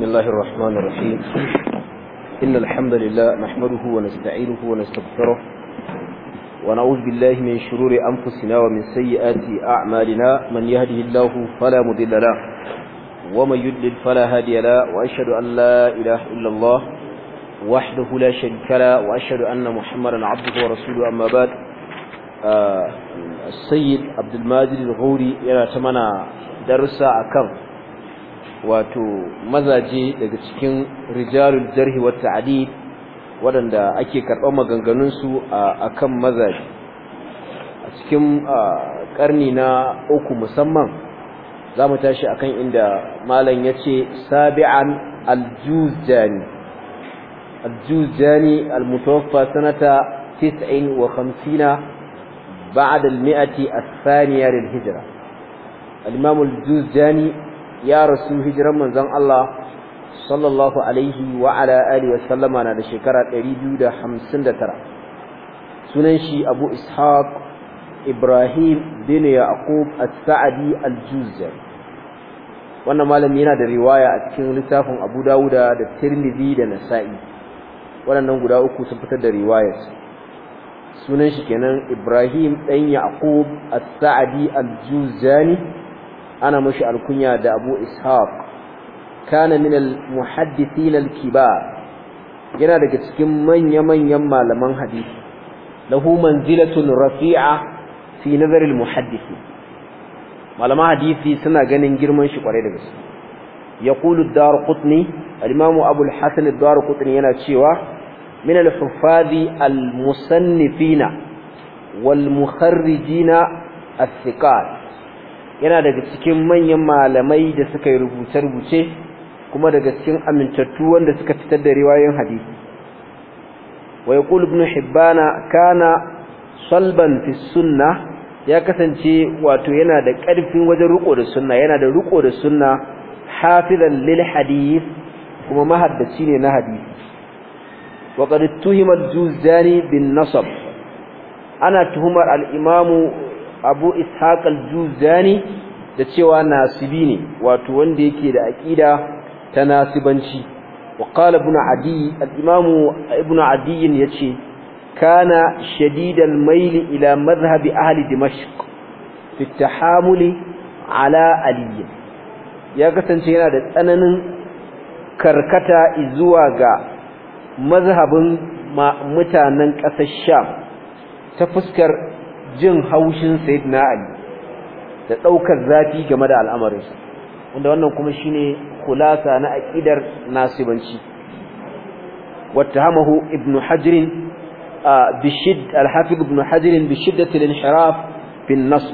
بسم الله الرحمن الرحيم إن الحمد لله نحمده ونستعينه ونستغفره ونعوذ بالله من شرور أنفسنا ومن سيئات أعمالنا من يهده الله فلا مضل له ومن يدلل فلا هادي له وأشهد أن لا إله إلا الله وحده لا شريك له وأشهد أن محمدا عبده ورسوله أما بعد آه، السيد عبد الماجد الغوري يرى ثمنا درس أكبر wato mazaje daga cikin rijalul jarhi wa ta'did waɗanda ake karɓar maganganun su akan mazaje a cikin karni na uku musamman zamu tashi akan inda malam yace sabi'an al-juzani al sanata 59 بعد المئة الثانية للهجرة الإمام الجوزجاني ya rasu hijiran manzon Allah sallallahu alaihi wa ala alihi sallama na da shekara 259 sunan shi Abu Ishaq Ibrahim bin Yaqub As-Sa'di Al-Juzari wannan malami yana da riwaya a cikin littafin Abu Dawuda da Tirmidhi da Nasa'i waɗannan guda uku sun fitar da riwayar sunan shi kenan Ibrahim dan Yaqub As-Sa'di Al-Juzani ana mashi alkunya da Abu Ishaq kana min al kibar yana daga cikin manya-manyan malaman hadisi lahu manzilatun rafi'a fi nazar al-muhaddisi malaman hadisi suna ganin girman shi kwarai da gaske yaqulu ad-darqutni al-imam Abu al-Hasan ad-darqutni yana cewa من الحفاظ المصنفين والمخرجين الثقات yana daga cikin manyan malamai da suka yi rubuce-rubuce kuma daga cikin amintattu wanda suka fitar da riwayoyin hadisi wa yaqulu ibn hibbana kana salban fi sunna ya kasance wato yana da ƙarfin wajen riko da sunna yana da riko da sunna hafizan lil hadith kuma mahaddaci ne na hadisi wa qad tuhima juzani bin nasab ana tuhumar al-imamu abu ishaq al-juzani da cewa nasibi ne wato wanda yake da aqida ta nasibanci wa qala ibn adi al-imam ibn adi yace kana shadidal mail ila madhhab ahli dimashq fi tahamuli ala ali ya kasance yana da tsananin karkata zuwa ga mazhabin mutanen ƙasar Sham ta fuskar jin haushin sayyidina ali da daukar zafi game da al'amarin sa wanda wannan kuma shine khulasa na aqidar nasibanci wattahamahu ibnu hajr bishidd al-hafiz ibnu hajr bishiddat al-inhiraf bin nas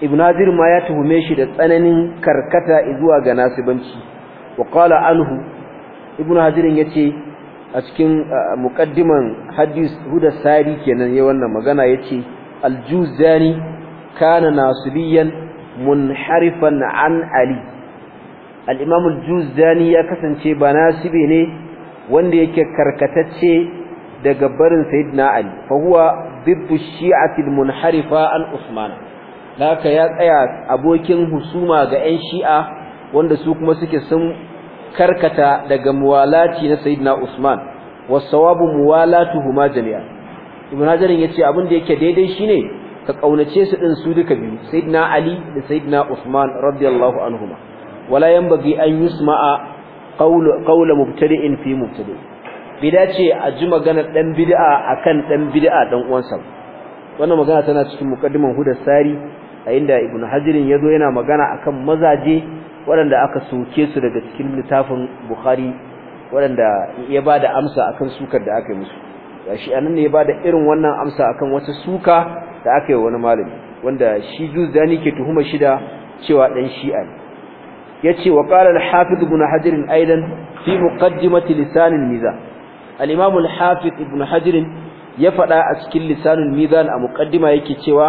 ibnu hajr ma ya tuhume shi da tsananin karkata zuwa ga nasibanci wa qala anhu ibnu hajr yace a cikin muqaddiman Hadiz huda sari kenan ya wannan magana yace aljuzani kana nasibiyan munharifan an ali al-imam Zani ya kasance ba ne wanda yake karkatacce daga barin sayyidina ali fa huwa bibbu shi'ati munharifa an usman Laka ya tsaya abokin husuma ga 'yan shi'a wanda su kuma suke sun karkata daga muwalati na sayyidina usman wasawabu muwalatuhuma jami'an ibn hajarin yace abin da yake daidai shine ka kaunace su din su duka biyu sayyidina ali da sayyidina usman radiyallahu anhuma wala yanbaghi an yusma'a qawlu qawla mubtadi'in fi mubtadi bida ce a ji maganar dan bid'a akan dan bid'a dan uwansa wannan magana tana cikin muqaddimar hudar sari a inda ibn hajarin yazo yana magana akan mazaje waɗanda aka soke su daga cikin littafin bukhari waɗanda ya bada amsa akan sukar da aka yi musu gashi anan ne ya bada irin wannan amsa akan wata suka da aka yi wani malami wanda shi juzani ke tuhuma shida cewa dan Shi'a ne yace wa qala al-Hafiz ibn Hajar aidan fi muqaddimati lisan al-mizan al-Imam al-Hafiz ibn Hajar ya fada a cikin lisan al-mizan a muqaddima yake cewa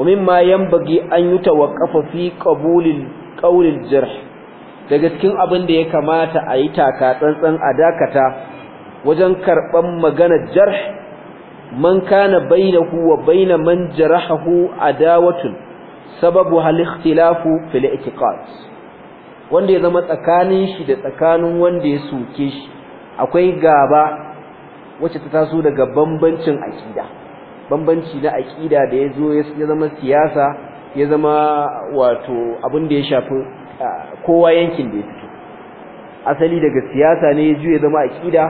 wa mimma yanbaghi an yutawaqqafa fi qabulil qawl al-jarh daga cikin abin da ya kamata a yi taka tsantsan a dakata wajen karban magana jarh man kana bainahu wa baina man jarahahu adawatun sababu hal ikhtilafu fil i'tiqad wanda ya zama tsakanin shi da tsakanin wanda ya soke shi akwai gaba wacce ta taso daga bambancin aqida bambanci na aqida da yazo ya zama siyasa ya zama wato abin da ya shafi ah, kowa yankin da ya fito asali daga siyasa ne ya zo ya zama aqida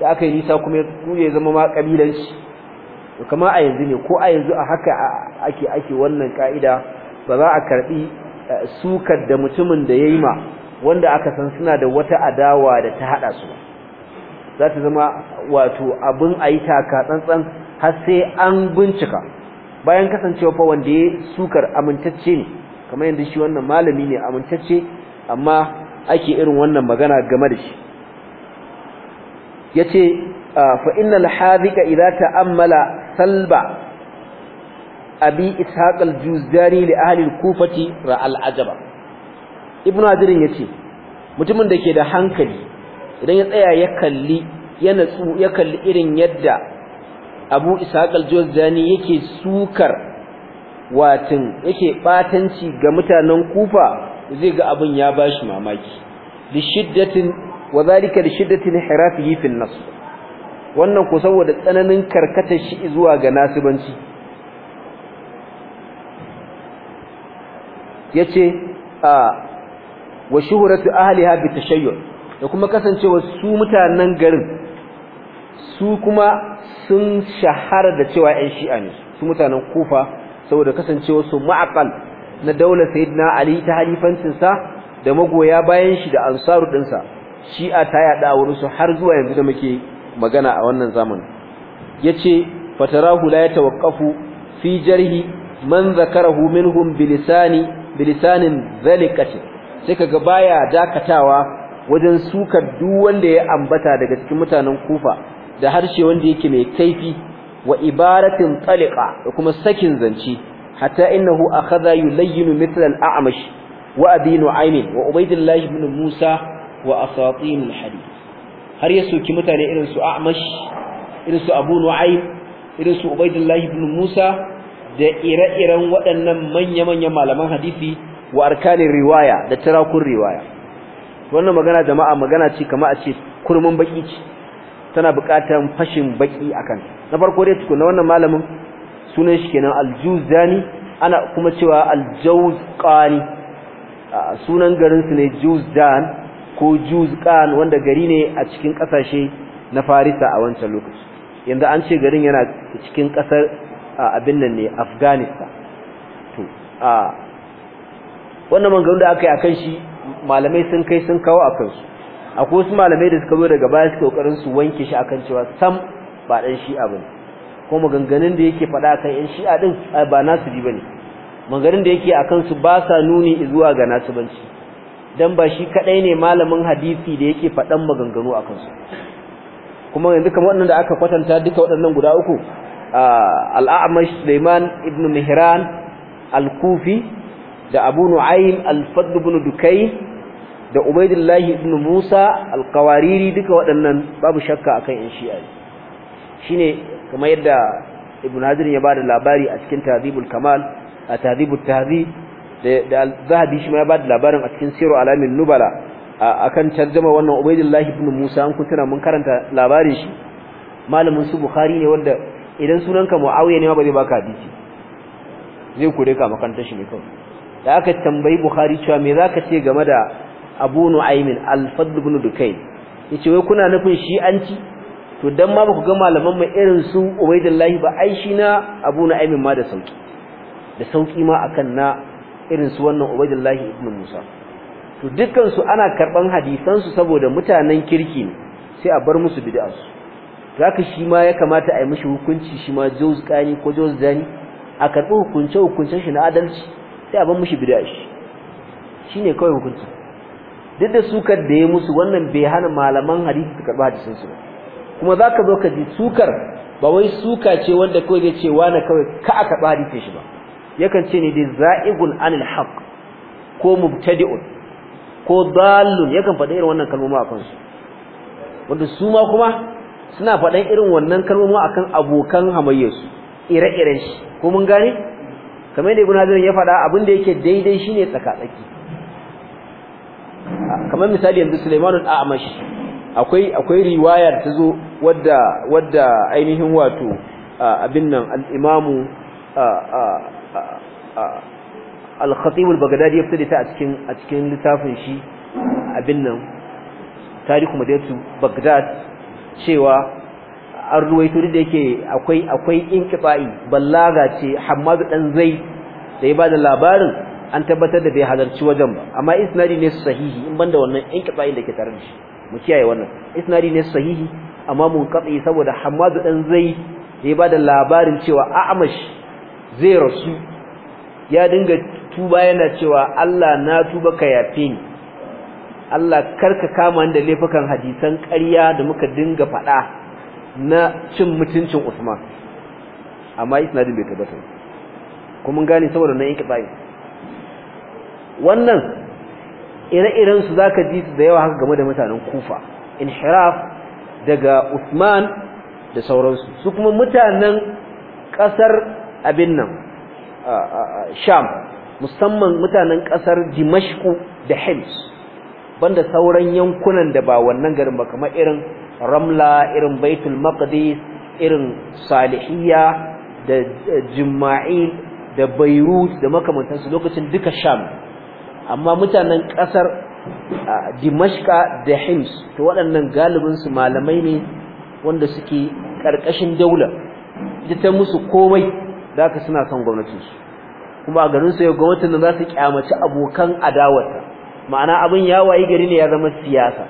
da aka yi nisa kuma ya zama ma kabilanci kama a yanzu ne ko a yanzu a haka ake ake wannan ka'ida ba za a karbi eh, sukar da mutumin da yayi ma wanda aka san suna da wata adawa da ta hada su za ta zama wato abin ayi taka tsantsan har sai an bincika bayan kasancewa fa wanda ya sukar amintacce ne kamar yanda shi wannan malami ne amintacce amma ake irin wannan magana game da shi yace ah, fa innal hadika idza ta'ammala salba abi ishaq al-juzdari li ahli al-kufati ra'al ajaba ibnu adirin yace mutumin da ke da hankali idan ya tsaya ya kalli ya natsu ya kalli irin yadda abu ishaq al-juzdani yake sukar watin yake batanci ga mutanen kufa zai ga abun ya bashi mamaki li shiddatin wa zalika li shiddati inhirafihi fil wannan ko saboda tsananin karkatar shi zuwa ga nasibanci yace a wa shuhratu ahliha bi tashayyu da kuma kasancewa su mutanen garin su kuma sun shahara da cewa ai shi'a ne su mutanen kufa saboda kasancewa su ma'aqal na daular sayyidina ali ta halifancin sa da magoya bayan shi da ansaru dinsa shi'a ta yada wurin su har zuwa yanzu da muke magana a wannan zamani yace fatarahu la yatawaqqafu fi jarhi man zakarahu minhum bilisani bilisanin zalikati sai kaga baya dakatawa wajen sukar duk wanda ya ambata daga cikin mutanen Kufa da harshe wanda yake mai kaifi wa ibaratin taliqa da kuma sakin zance hatta innahu akhadha yulayyinu mithla al-a'mash wa abinu Amin wa ubaydillah ibn musa wa asatin alhadith har ya soki mutane irin su Ahmash irin su Abu Nu'aym irin su Ubaydullah ibn Musa da ire-iren waɗannan manya-manyan malaman hadisi wa arkanin riwaya da tarakun riwaya wannan magana jama'a magana ce kama a ce kurmin baki ce tana buƙatar fashin baki akan na farko dai tukuna wannan malamin sunan shi kenan Al-Juzani ana kuma cewa aljawqani sunan garin su ne juzdan ko juzqan wanda gari ne a cikin kasashe na farisa a wancan lokaci yanzu an ce garin yana cikin kasar abin nan ne afghanistan to a wannan maganganun da aka yi akan shi malamai sun kai sun kawo a kansu akwai wasu malamai da suka zo daga baya suka kokarin su wanke shi akan cewa sam ba dan shi'a bane ko maganganun da yake fada akan yan shi'a din ba nasu bi bane maganganun da yake akan su ba sa nuni zuwa ga nasu banci. dan ba shi kadai ne malamin hadisi da yake faɗan maganganu akan su kuma yanzu kamar wannan da aka kwatanta duka waɗannan guda uku al-A'mash Sulaiman ibn Mihran al-Kufi da Abu Nu'aym al-Fadl ibn Dukay da Ubaydullah ibn Musa al-Qawariri duka waɗannan babu shakka akan in shi shi'a shine kamar yadda Ibn Hazm ya bada labari a cikin Tahdhibul Kamal a Tahdhibut Tahdhib da zahabi shi ma ya bada labarin a cikin siru alamin nubala akan tarjuma wannan ubaydullah ibn musa an kuntuna mun karanta labarin shi malamin su bukhari ne wanda idan sunanka muawiya ne ma ba zai baka hadisi zai kure ka makantar shi ne kawai da aka tambayi bukhari cewa me zaka ce game da abu nu'aymin al-fadl ibn dukayn yace wai kuna nufin shi anci to dan ma baku ga malaman mu irin su ubaydullah ba ai shi na abu nu'aymin ma da sauki da sauki ma akan na irin su wannan Ubaidullahi ibn Musa to dukkan su ana karban hadisan su saboda mutanen kirki ne sai a bar musu bid'a su zaka shi ma ya kamata a yi mishi hukunci shi ma qani ko jawzdani a karbi hukunce hukuncen shi na adalci sai a bar mishi bid'a shi shine kawai hukunci duk da sukar da ya musu wannan bai hana malaman hadisi su karba hadisin su kuma zaka zo ka ji sukar ba wai suka ce wanda kawai zai ce wani kawai ka aka hadisi shi ba yakan ce ni dai za'igun anil haqq ko mubtadi'un ko dallun yakan faɗa irin wannan kalmomi a kansu wanda su ma kuma suna faɗan irin wannan kalmomi akan abokan hamayyarsu ire-iren shi ko mun gane kamar yadda ibn hazir ya faɗa abin da yake daidai shine tsaka-tsaki kamar misali yanzu al A'mash akwai akwai riwayar ta zo wadda wadda ainihin wato abin nan al-Imamu al-khatib al-baghdadi ya fita a cikin a cikin littafin shi abin nan tarihu madinatu baghdad cewa an da yake akwai akwai inqibai ballaga ce hammadu dan zai da ya da labarin an tabbatar da bai halarci wajen ba amma isnadi ne sahihi in banda wannan inqibai da ke tare da shi mu kiyaye wannan isnadi ne sahihi amma mun munqati saboda hammadu dan zai da ya da labarin cewa a'mash zai rasu ya dinga tuba yana cewa Allah na tuba ka yafe ni Allah karka kama da laifukan hadisan ƙarya da muka dinga faɗa na cin mutuncin Usman amma isnadin bai tabbata kuma gane saboda nan yake bai wannan ire-iren su zaka ji su da yawa haka game da mutanen Kufa inhiraf daga Usman da sauransu su kuma mutanen ƙasar abin nan sham musamman mutanen kasar dimashku da hims banda sauran yankunan da ba wannan garin ba kamar irin ramla irin baitul maqdis irin salihiyya da jima'il da beirut da makamantansu lokacin duka sham amma mutanen kasar dimashka da hims to waɗannan galibinsu malamai ne wanda suke ƙarƙashin daular ita ta musu komai da haka suna son su kuma a garin su ya gwamnati da za su kyamaci abokan adawata ma'ana abin ya wayi gari ne ya zama siyasa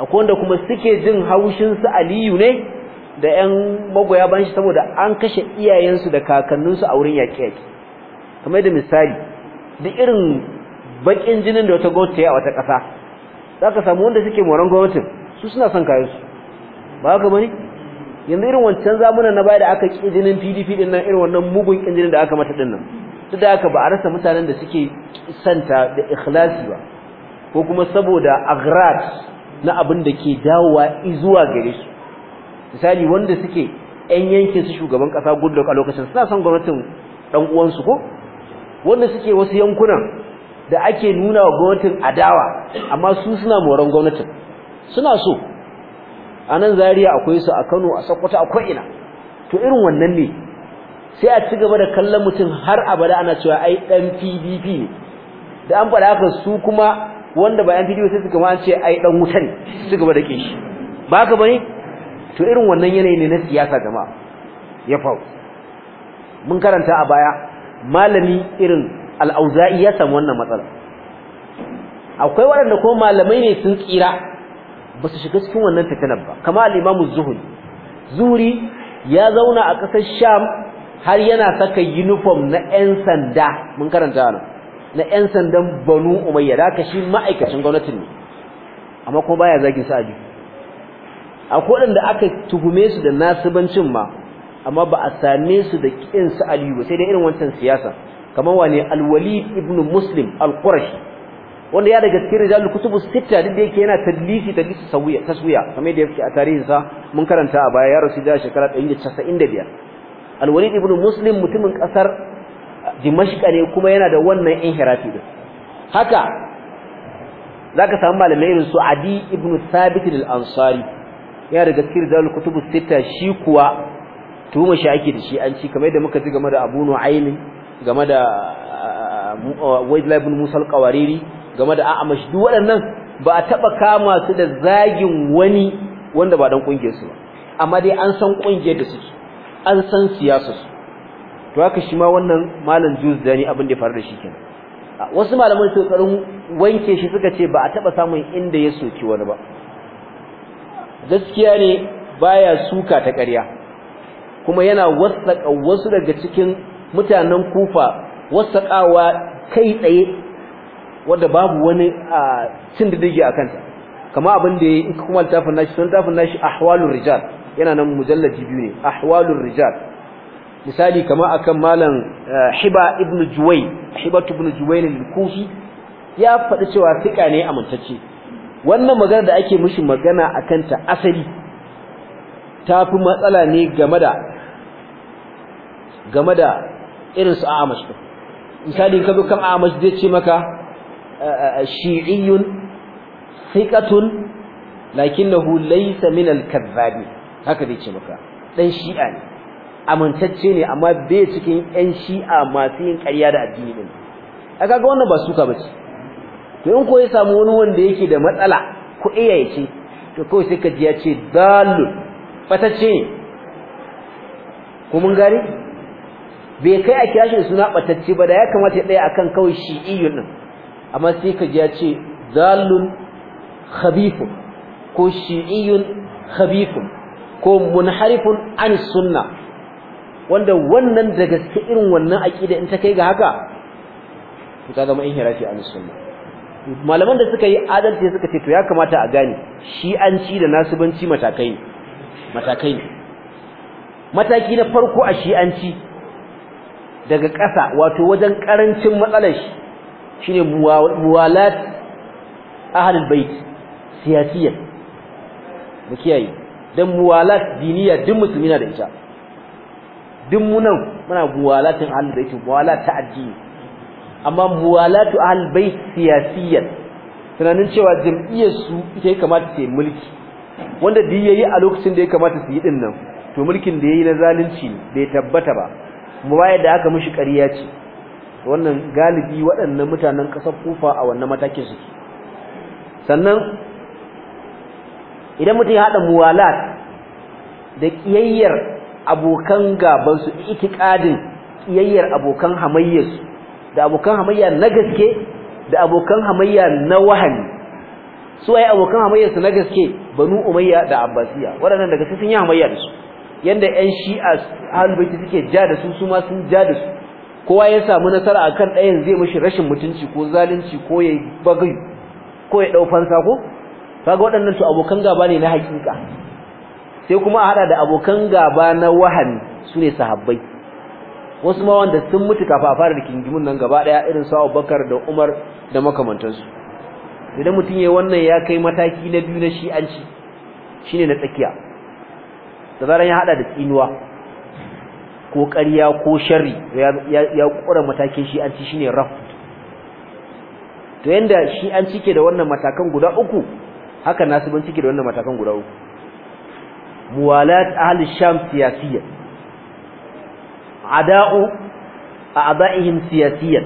akwai wanda kuma suke jin haushin su Aliyu ne da 'yan magoya ban shi saboda an kashe iyayensu da kakanninsu a wurin yaƙe-yaƙe kamar da misali duk irin bakin jinin da wata gwamnati a wata ƙasa zaka samu wanda suke moran gwamnatin su suna son kayansu ba haka bane yanzu irin wancan zamunan na baya da aka ki jinin PDP din nan irin wannan mugun kinjinin da aka mata din nan duk da haka ba a rasa mutanen da suke santa da ikhlasi ba ko kuma saboda grad na abin da ke dawowa zuwa gare su misali wanda suke yan yankin su shugaban ƙasa Goodluck a lokacin suna son gwamnatin ɗan uwansu ko wanda suke wasu yankunan da ake nuna wa gwamnatin adawa amma su suna moran gwamnatin suna so a nan Zariya akwai su a Kano a Sokoto akwai ina to irin wannan ne sai a ci gaba da kallon mutum har abada ana cewa ai dan PDP ne da an faɗa haka su kuma wanda ba yan PDP sai su ma an ce ai dan wuta ne su gaba da kishi ba ka bane to irin wannan yanayi ne na siyasa jama'a ya faru mun karanta a baya malami irin al-Auza'i ya samu wannan matsala akwai waɗanda ko malamai ne sun tsira ba su shiga cikin wannan fitinar ba kama al'imamu zuhuri zuhuri zuri ya zauna a ƙasar sham har yana saka uniform na 'yan sanda mun karanta wani na 'yan sandan banu umayya da ka shi ma'aikacin gwamnatin ne amma kuma baya zagin sa a kodin da aka tuhume su da nasibancin ma amma ba a same su da ƙin su aliyu ba sai dai irin wancan siyasa kamar wane alwali ibn muslim al wanda ya daga cikin rijalul kutubu sita duk da yake yana tadlisi ta sawiya taswiya kamar da yake a tarihin sa mun karanta a baya ya rasu da shekara 195 al-walid ibn muslim mutumin kasar dimashq ne kuma yana da wannan inhirafi din haka zaka samu malamin irin su adi ibn thabit al-ansari ya daga cikin rijalul kutubu sita shi kuwa tuhuma shi ake da shi an ci kamar yadda muka ji game da Abunu aini game da uh, uh, wajdla musal qawariri game da mashi duk waɗannan ba a taba kama su da zagin wani wanda ba dan kungiyar su ba amma dai an san kungiyar da suke an san siyasar su to haka shi ma wannan malam Dani abin da ya faru da shi kenan wasu malaman su karin wanke shi suka ce ba a taba samun inda ya soki wani ba gaskiya ne baya suka ta ƙarya kuma yana wasaka wasu daga cikin mutanen Kufa wasakawa kai tsaye wanda babu wani cin didige a kanta kama abin da ka kuma tafin nashi sun tafin nashi ahwalur rijal yana nan mujallaji biyu ne ahwalur rijal misali kama akan malam eh, hiba ibnu juway hiba ibnu juway ne kufi ya faɗi cewa fika ne amintacce wannan magana da ake mishi magana akan ta asali tafi matsala ne game da game da irin su a amashi misali in ka zo kan amashi zai ce maka shi'iyyun thiqatun lakinnahu laysa min al-kadhabi haka zai ce maka dan shi'a ne amintacce ne amma bai cikin yan shi'a masu yin ƙarya da addini din kaga wannan ba suka bace to in ko ya samu wani wanda yake da matsala ko iyaye ce to kawai sai ka ji ya ce dalul batacce ne ko mun gane bai kai a kira shi suna batacce ba da ya kamata ya tsaya akan kawai shi'iyyun din amma sai ka ya ce zalun khabifun ko shi'iyun khabifun ko munharifun an sunna wanda wannan da gaske irin wannan aqida in ta kai ga haka to ta zama inhirafi an sunna malaman da suka yi adalci suka ce to ya kamata a gane shi'anci da nasubanci matakai matakai ne mataki na farko a shi'anci daga ƙasa wato wajen ƙarancin matsalar shi shine muwalat ahlul bait siyasiyya mu kiyaye dan muwalat diniya duk musulmi na da ita duk munan muna muwalatin ahlul bait muwalat ta addini amma muwalatu ahlul bait siyasiyya tunanin cewa jam'iyyar su ita ya kamata ta yi mulki wanda duk yayi a lokacin da ya kamata su yi din nan to mulkin da yayi na zalunci bai tabbata ba mu baya da aka mishi ƙarya ce wannan galibi waɗannan mutanen ƙasar kufa a wannan matakin suke sannan idan mutum ya haɗa muwalat da ƙiyayyar abokan gabansu ƙadin ƙiyayyar abokan hamayyarsu da abokan hamayya na gaske da abokan hamayya na wahani su ai abokan hamayyarsu na gaske banu umayya da abbasiya waɗannan daga sun yi hamayya da su yanda ƴan shi'a ahlul suke ja da su su ma sun ja da su kowa ya samu nasara akan ɗayan zai mishi rashin mutunci ko zalunci ko ya bagai ko ya dau fansa ko kaga waɗannan to abokan gaba ne na hakika sai kuma a hada da abokan gaba na wahani sune sahabbai wasu ma wanda sun mutu kafa a fara nan gaba daya irin su bakar da Umar da makamantansu idan mutum yayin wannan ya kai mataki na biyu na shi'anci shine na tsakiya da zaran ya hada da tsinuwa ko ƙarya ko sharri ya ƙura matakin shi an ci ne rafu. to yadda shi an cike da wannan matakan guda uku haka nasibin cike da wannan matakan guda uku muwalat ahli sham siyasiyya ada'u a'da'ihim siyasiyya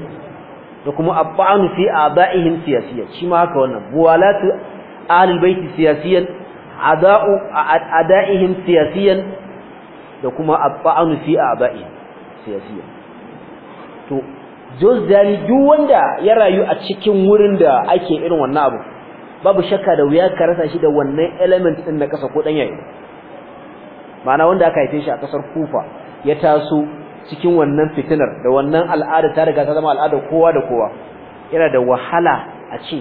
da kuma abba'anu fi a'da'ihim siyasiyya shi ma haka wannan muwalat ahli albayt siyasiyyan ada'u a'da'ihim siyasiyyan da kuma afa'anu fi aba'i siyasiya to dali duk wanda ya rayu a cikin wurin da ake irin wannan abu babu shakka da wuya ka rasa shi da wannan element din na kasa ko dan yayi ma'ana wanda aka haife shi a kasar Kufa ya taso cikin wannan fitinar da wannan al'ada ta riga ta zama al'ada kowa da kowa yana da wahala a ce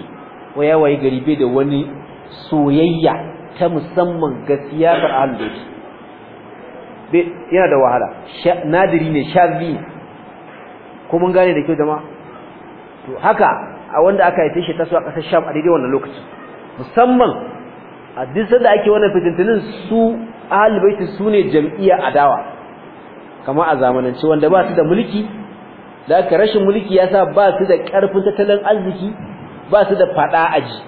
waya waye gari da wani soyayya ta musamman ga siyasar yana da wahala nadiri ne shazi ko mun gane da kyau jama to haka a wanda aka haife shi taso a kasar Sham a daidai wannan lokaci musamman a duk sanda ake wannan fitintunin su ahlul baiti ne jam'iyya adawa kama a zamanance wanda ba su da mulki da aka rashin mulki yasa ba su da karfin tattalin arziki ba su da fada aji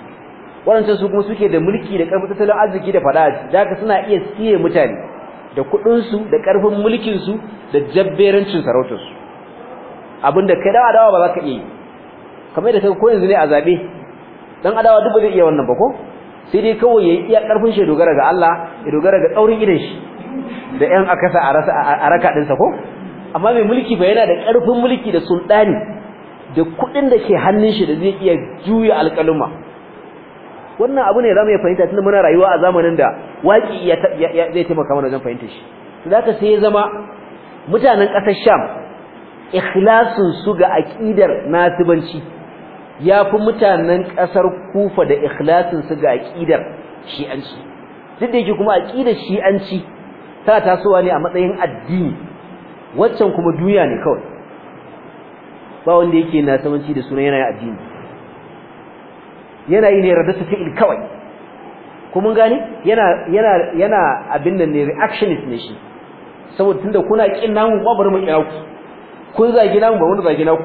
wannan su kuma suke da mulki da karfin tattalin arziki da fada aji da haka suna iya siye mutane da kudinsu da karfin mulkinsu da jabberancin sarautarsu abinda kai dawa dawa ba za ka iya kamar da kai ko yanzu ne a zabe dan adawa duk ba zai iya wannan ba ko sai dai kawai yayi iya karfin shi dogara ga Allah ya dogara ga tsaurin idan shi da yan akasa a rasa a raka ɗinsa ko amma mai mulki fa yana da karfin mulki da sultani da kudin da ke hannun shi da zai iya juya alƙaluma wannan abu ne zamu fahimta tun muna rayuwa a zamanin da waki ya zai taimaka mana wajen fahimta shi to zaka sai ya zama mutanen ƙasar Sham ikhlasun su ga aqidar nasibanci yafi mutanen ƙasar Kufa da ikhlasun su ga aqidar shi'anci duk da yake kuma aqidar shi'anci ta tasowa ne a matsayin addini waccan kuma duniya ne kawai ba wanda yake nasibanci da sunan yana addini yana yi ne radatu fi'il kawai kuma gani yana yana yana abin nan ne reactionist ne shi saboda tunda kuna kin namu ba bari mu kira ku kun zagi namu ba wani zagi naku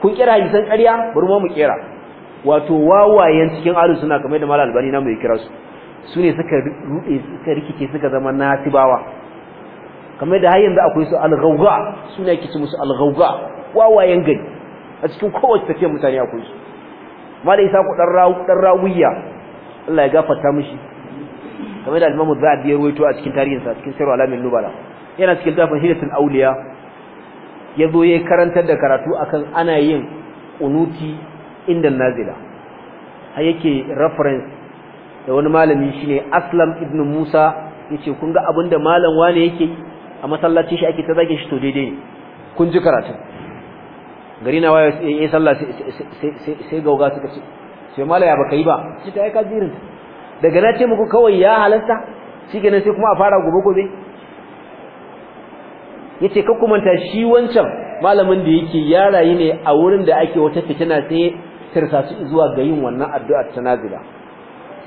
kun kira san ƙarya bari mu kira wato wawayen cikin alu suna kamar da malal albani namu ya kira su su ne suka rude suka rikice suka zama nasibawa kamar da har yanzu akwai su al suna kici musu al wawayen gari a cikin kowace tafiyar mutane akwai su malai sa ku dan rawuya Allah ya gafarta mishi kamar da al-Imam za'a ya ruwaito a cikin tarihinsa a cikin Sirru Alamin Nubala yana cikin tafin hidatul Awliya ya zo ya karantar da karatu akan ana yin unuti inda nazila har yake reference da wani malami shine Aslam ibn Musa yace kun ga abinda malam wane yake a masallaci shi ake ta zage shi to daidai ne kun ji karatu gari na waye yayi sallah sai gauga suka ce sai mala ya baka yi ba shi ta aika jirin daga na ce muku kawai ya shi shikenan sai kuma a fara gobe gobe yace ka kumanta shi wancan malamin da yake ya rayu ne a wurin da ake wata fitina sai tirsa su zuwa ga yin wannan addu'a ta nazila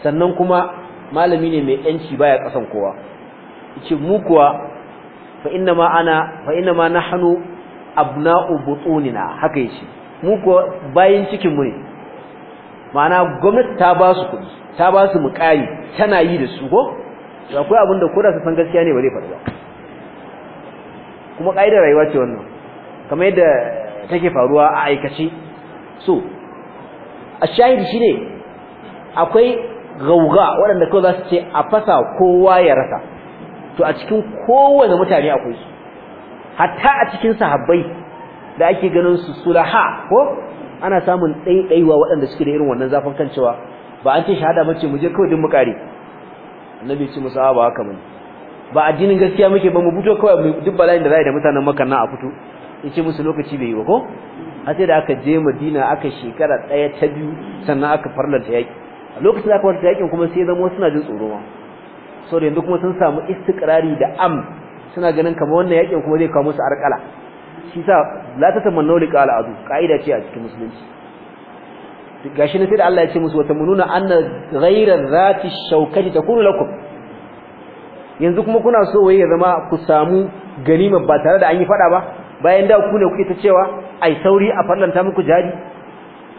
sannan kuma malami ne mai yanci baya kasan kowa yace mu kuwa fa inna ma ana fa inna ma nahnu abna'u butunina haka yace mu ko bayin cikin mu ne ma'ana gwamnati ta ba su kuɗi ta ba su mukari tana yi da su ko to akwai abin da koda su san gaskiya ne ba zai faru kuma kaidar rayuwa ce wannan kamar yadda take faruwa a aikace so a shahidi shine akwai gauga waɗanda kawai za su ce a fasa kowa ya rasa to a cikin kowane mutane akwai su hatta a cikin sahabbai da ake ganin su sulaha ko ana samun ɗaiɗaiwa waɗanda suke da irin wannan zafin kan cewa ba an ce shahada bace mu je kawai din mu kare annabi ce musa ba haka bane ba addinin gaskiya muke ba mu fito kawai mu duk bala'in da zai da mutanen Makka na a fito yace musu lokaci bai yi ba ko a sai da aka je Madina aka shekara ɗaya ta biyu sannan aka farlanta yaki a lokacin da aka farlanta yakin kuma sai zama suna jin tsoro ma saboda yanzu kuma sun samu istiqrari da am suna ganin kamar wannan yakin kuma zai kawo musu arkala shi sa la ta tamannu liqa al'adu kaida ce a cikin musulunci gashi ne sai da Allah ya ce musu wata mununa anna ghayra zati shawkati takunu lakum yanzu kuma kuna so waye ya zama ku samu ganima ba tare da an yi fada ba bayan da ku ne kuke ta cewa ai sauri a fallanta muku jari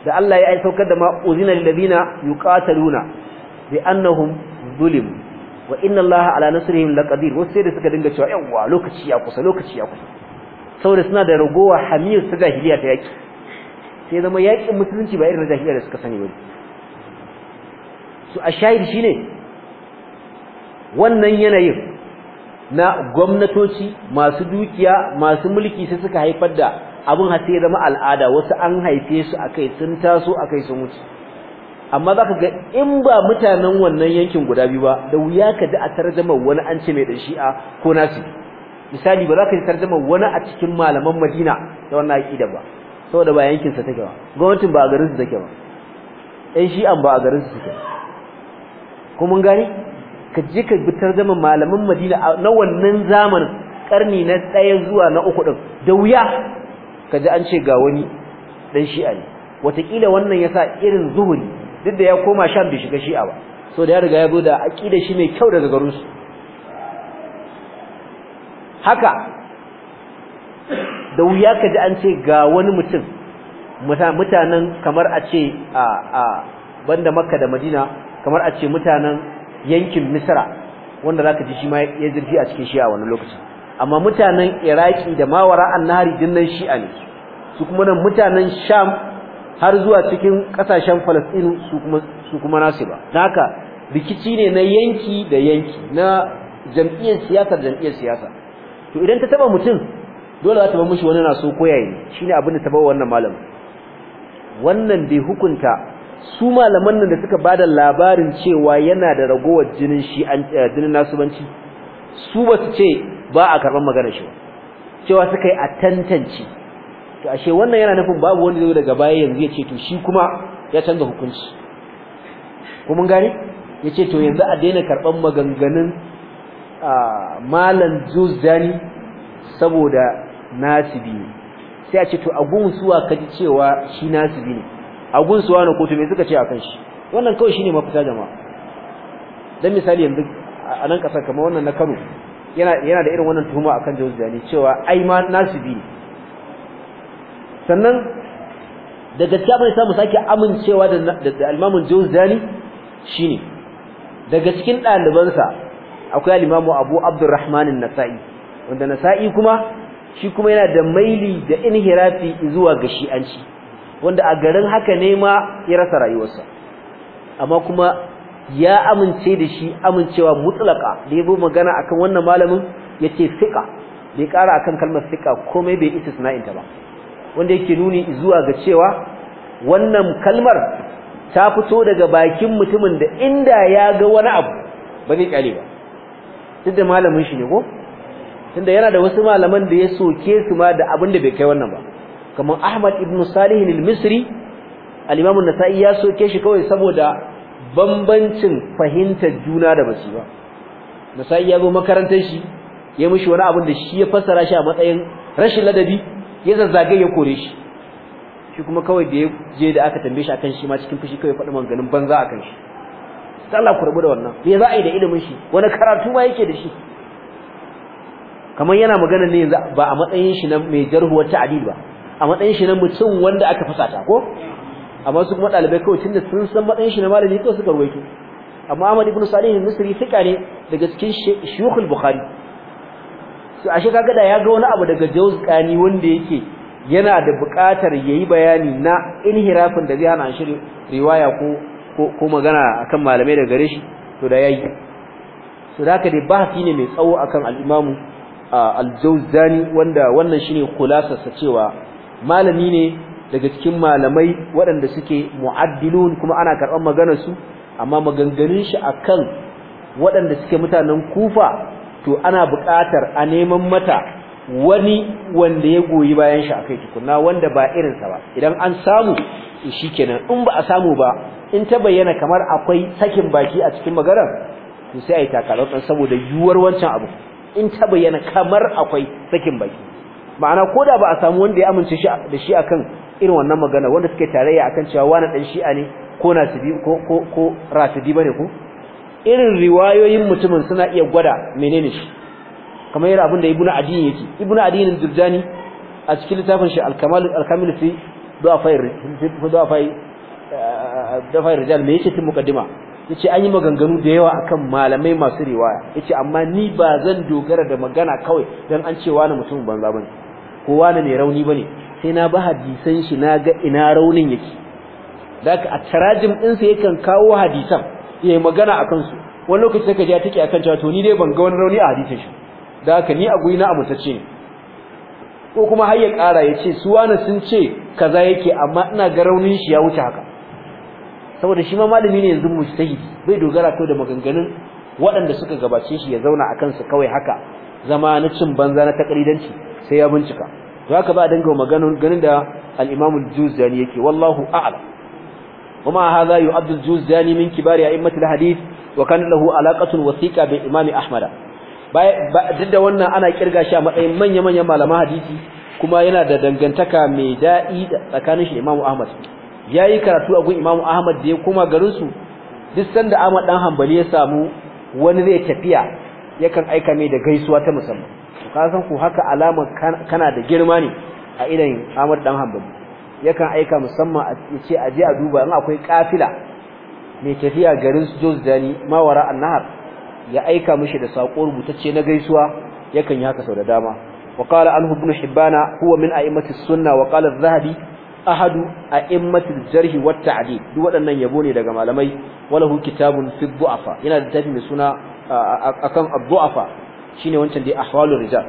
da Allah ya ai saukar da ma uzina lil ladina yuqataluna bi annahum zulimu wa inna allaha ala nasrihim laqadir wasu sai da suka dinga cewa yawa lokaci ya kusa lokaci ya kusa saboda suna da ragowa hamiyar ta jahiliya ta yaki sai zama yakin musulunci ba irin na jahiliya da suka sani ba su a shahid shine wannan yanayin na gwamnatoci masu dukiya masu mulki sai suka haifar da abun har sai zama al'ada wasu an haife su akai sun taso akai sun wuce amma zaka ga in ba mutanen wannan yankin guda biyu ba da wuya ka ji a tarjumar wani an ce mai dan shi'a ko nasi misali ba za ka ji tarjumar wani a cikin malaman Madina da wannan aqida ba saboda ba yankin sa take ba gwamnatin ba a garin su take ba ɗan shi'an ba a garin su take ko mun gani ka ji ka bi tarjumar malaman Madina na wannan zamanin karni na ɗaya zuwa na uku din da wuya ka ji an ce ga wani dan shi'a ne wataƙila wannan yasa irin zuhuri duk da ya koma sham bai shiga shi'a ba so da ya riga ya zo da aqida shi mai kyau daga garin su haka da wuya ka ji an ce ga wani mutum mutanen kamar a ce a a banda makka da madina kamar a ce mutanen yankin misra wanda zaka ji shi ma ya zurfi a cikin shi'a wani lokaci amma mutanen iraki da mawara annahari dinnan shi'a ne su kuma nan mutanen sham har zuwa cikin kasashen Falasɗin su kuma su kuma nasu ba Na haka rikici ne na yanki da yanki na jam'iyyar siyasa jam'iyyar siyasa to idan ta taba mutum dole za ta bar mishi wani na so koyaye shine abin da ta bar wannan malam wannan bai hukunta su malaman nan da suka bada labarin cewa yana da ragowar jinin shi an eh, jinin nasubanci su ba su ce ba a karban magana shi cewa suka yi a tantance to ashe wannan yana nufin babu wanda zai daga baya yanzu ya ce to shi kuma ya canza hukunci ko mun gane ya ce to yanzu a daina karban maganganun malan juzdani saboda nasibi ne sai a ce to agun suwa kaji cewa shi nasibi ne agun suwa na kotu me suka ce akan shi wannan kawai shine mafita jama'a dan misali yanzu a nan kasar kamar wannan na Kano yana da irin wannan tuhuma akan juzdani cewa ai ma nasibi ne sannan da gaskiya bai samu sake amincewa da da al-Imam Jawzani shine daga cikin ɗalibansa akwai al Abu Abdurrahman nasai wanda Nasa'i kuma shi kuma yana da maili da inhirafi zuwa ga shi'anci wanda a garin haka ne ma ya rasa rayuwarsa amma kuma ya amince da shi amincewa mutlaka da yabo magana akan wannan malamin yace fiƙa bai kara akan kalmar fiƙa komai bai isa sana'inta ba wanda yake nuni zuwa ga cewa wannan kalmar ta fito daga bakin mutumin da inda ya ga wani abu ba zai kyale ba tunda malamin shi ne ko tunda yana da wasu malaman da ya soke su ma da abin da bai kai wannan ba kamar Ahmad ibn Salih al-Misri al-Imam an-Nasa'i ya soke shi kawai saboda bambancin fahimtar juna da basu ba Nasa'i ya zo makarantar shi ya mishi wani abin da shi ya fassara shi a matsayin rashin ladabi ya zazzage ya kore shi shi kuma kawai da ya je da aka tambaye shi akan shi ma cikin fushi kawai faɗi maganganun banza akan shi sai Allah ku rabu da wannan me za a yi da ilimin shi wani karatu ma yake da shi kamar yana magana ne ba a matsayin shi na mai jarhuwa ta'dil ba a matsayin shi na mutum wanda aka fasata ko amma su kuma dalibai kawai tunda sun san matsayin shi na malami to suka ruwaito amma Ahmad ibn Salih al-Misri fika ne daga cikin Shaykhul bukhari to ashe kaga da ya ga wani abu daga Jawzqani wanda yake yana da buƙatar yayi bayani na inhirafin da zai hana shi riwaya ko ko magana akan malamai da gare shi to da yayi to da haka bahasi ne mai tsawo akan al-Imam al-Jawzani wanda wannan shine khulasar sa cewa malami ne daga cikin malamai waɗanda suke mu'addilun kuma ana karɓar maganar su amma maganganun shi akan waɗanda suke mutanen Kufa to ana buƙatar a neman mata wani wanda ya goyi bayan shi akai tukunna wanda ba irinsa ba idan an samu shikenan in ba a samu ba in ta bayyana kamar akwai sakin baki a cikin maganar to sai ai takalautan saboda yuwar wancan abu in ta bayyana kamar akwai sakin baki ma'ana koda ba a samu wanda ya amince shi da shi akan irin wannan magana wanda suke tarayya akan cewa wani dan shi'a ne ko nasibi ko ko ko rasibi bane ko irin riwayoyin mutumin suna iya gwada menene shi kamar yana abin da ibnu yake ibnu adiyin durjani a cikin littafin shi al-kamal al-kamil fi eh, du'afai rijal me yake cikin ya yace an yi maganganu da yawa akan malamai masu riwaya yace amma ni ba zan dogara da magana kawai dan an ce wani mutum banza bane ko wani ne rauni bane sai na ba hadisan shi na ga ina raunin yake daka a tarajim din yakan kawo hadisan yayi magana a kansu wani lokaci ta ja take a kan akan cewa to ni dai ban ga wani rauni a hadisin shi da haka ni a guri na ko kuma har ya ƙara ya ce su wani sun ce kaza yake amma ina ga raunin shi ya wuce haka saboda shi ma malami ne yanzu mujtahidi bai dogara kawai da maganganun waɗanda suka gabace shi ya zauna a kansu kawai haka zama na cin banza na takalidanci sai ya bincika to haka ba dangawa maganar ganin da al-Imam al-Juzani yake wallahu a'lam ومع هذا يعد الجوزجاني من كبار أئمة الحديث وكان له علاقة وثيقة بإمام أحمد duk da wannan ana kirga shi a matsayin manya-manyan malaman hadisi kuma yana da dangantaka mai daɗi tsakanin shi Imam Ahmad ya yi karatu a gun Imam Ahmad da ya kuma garin su duk sanda Ahmad dan Hanbali ya samu wani zai tafiya yakan aika mai da gaisuwa ta musamman ka san ku haka alama kana da girma ne a idan Ahmad dan Hanbali yakan aika musamman a ce a je a duba in akwai kafila mai tafiya garin Jozdani mawara annahar ya aika mishi da sako rubutacce na gaisuwa yakan yi haka sau da dama wa qala anhu ibn hibbana huwa min a'immati sunna wa qala az-zahabi ahadu a'immati al-jarh wa at-ta'dil duk waɗannan yabo ne daga malamai walahu kitabun fi du'afa yana da tafi mai suna akan ad-du'afa shine wancan dai ahwalur rijal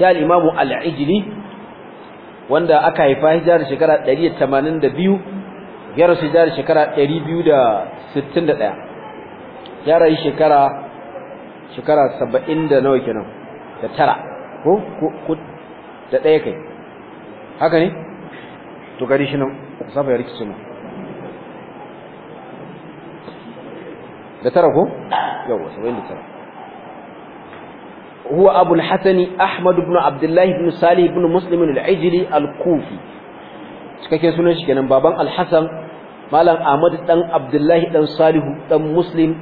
ta al-imamu al-ijli wanda aka haifa hijira shekara 182 ya rasu hijira shekara 261 ya rayu shekara shekara 70 da nawa kenan da tara ko ko da daya kai haka ne to gari shi nan safa ya rikice mu da tara ko yawa 79 هو أبو الحسن أحمد بن عبد الله بن صالح بن مسلم العجلي cikakken sunan shi kenan baban alhassan malam ahmad dan abdullahi dan salihu dan muslim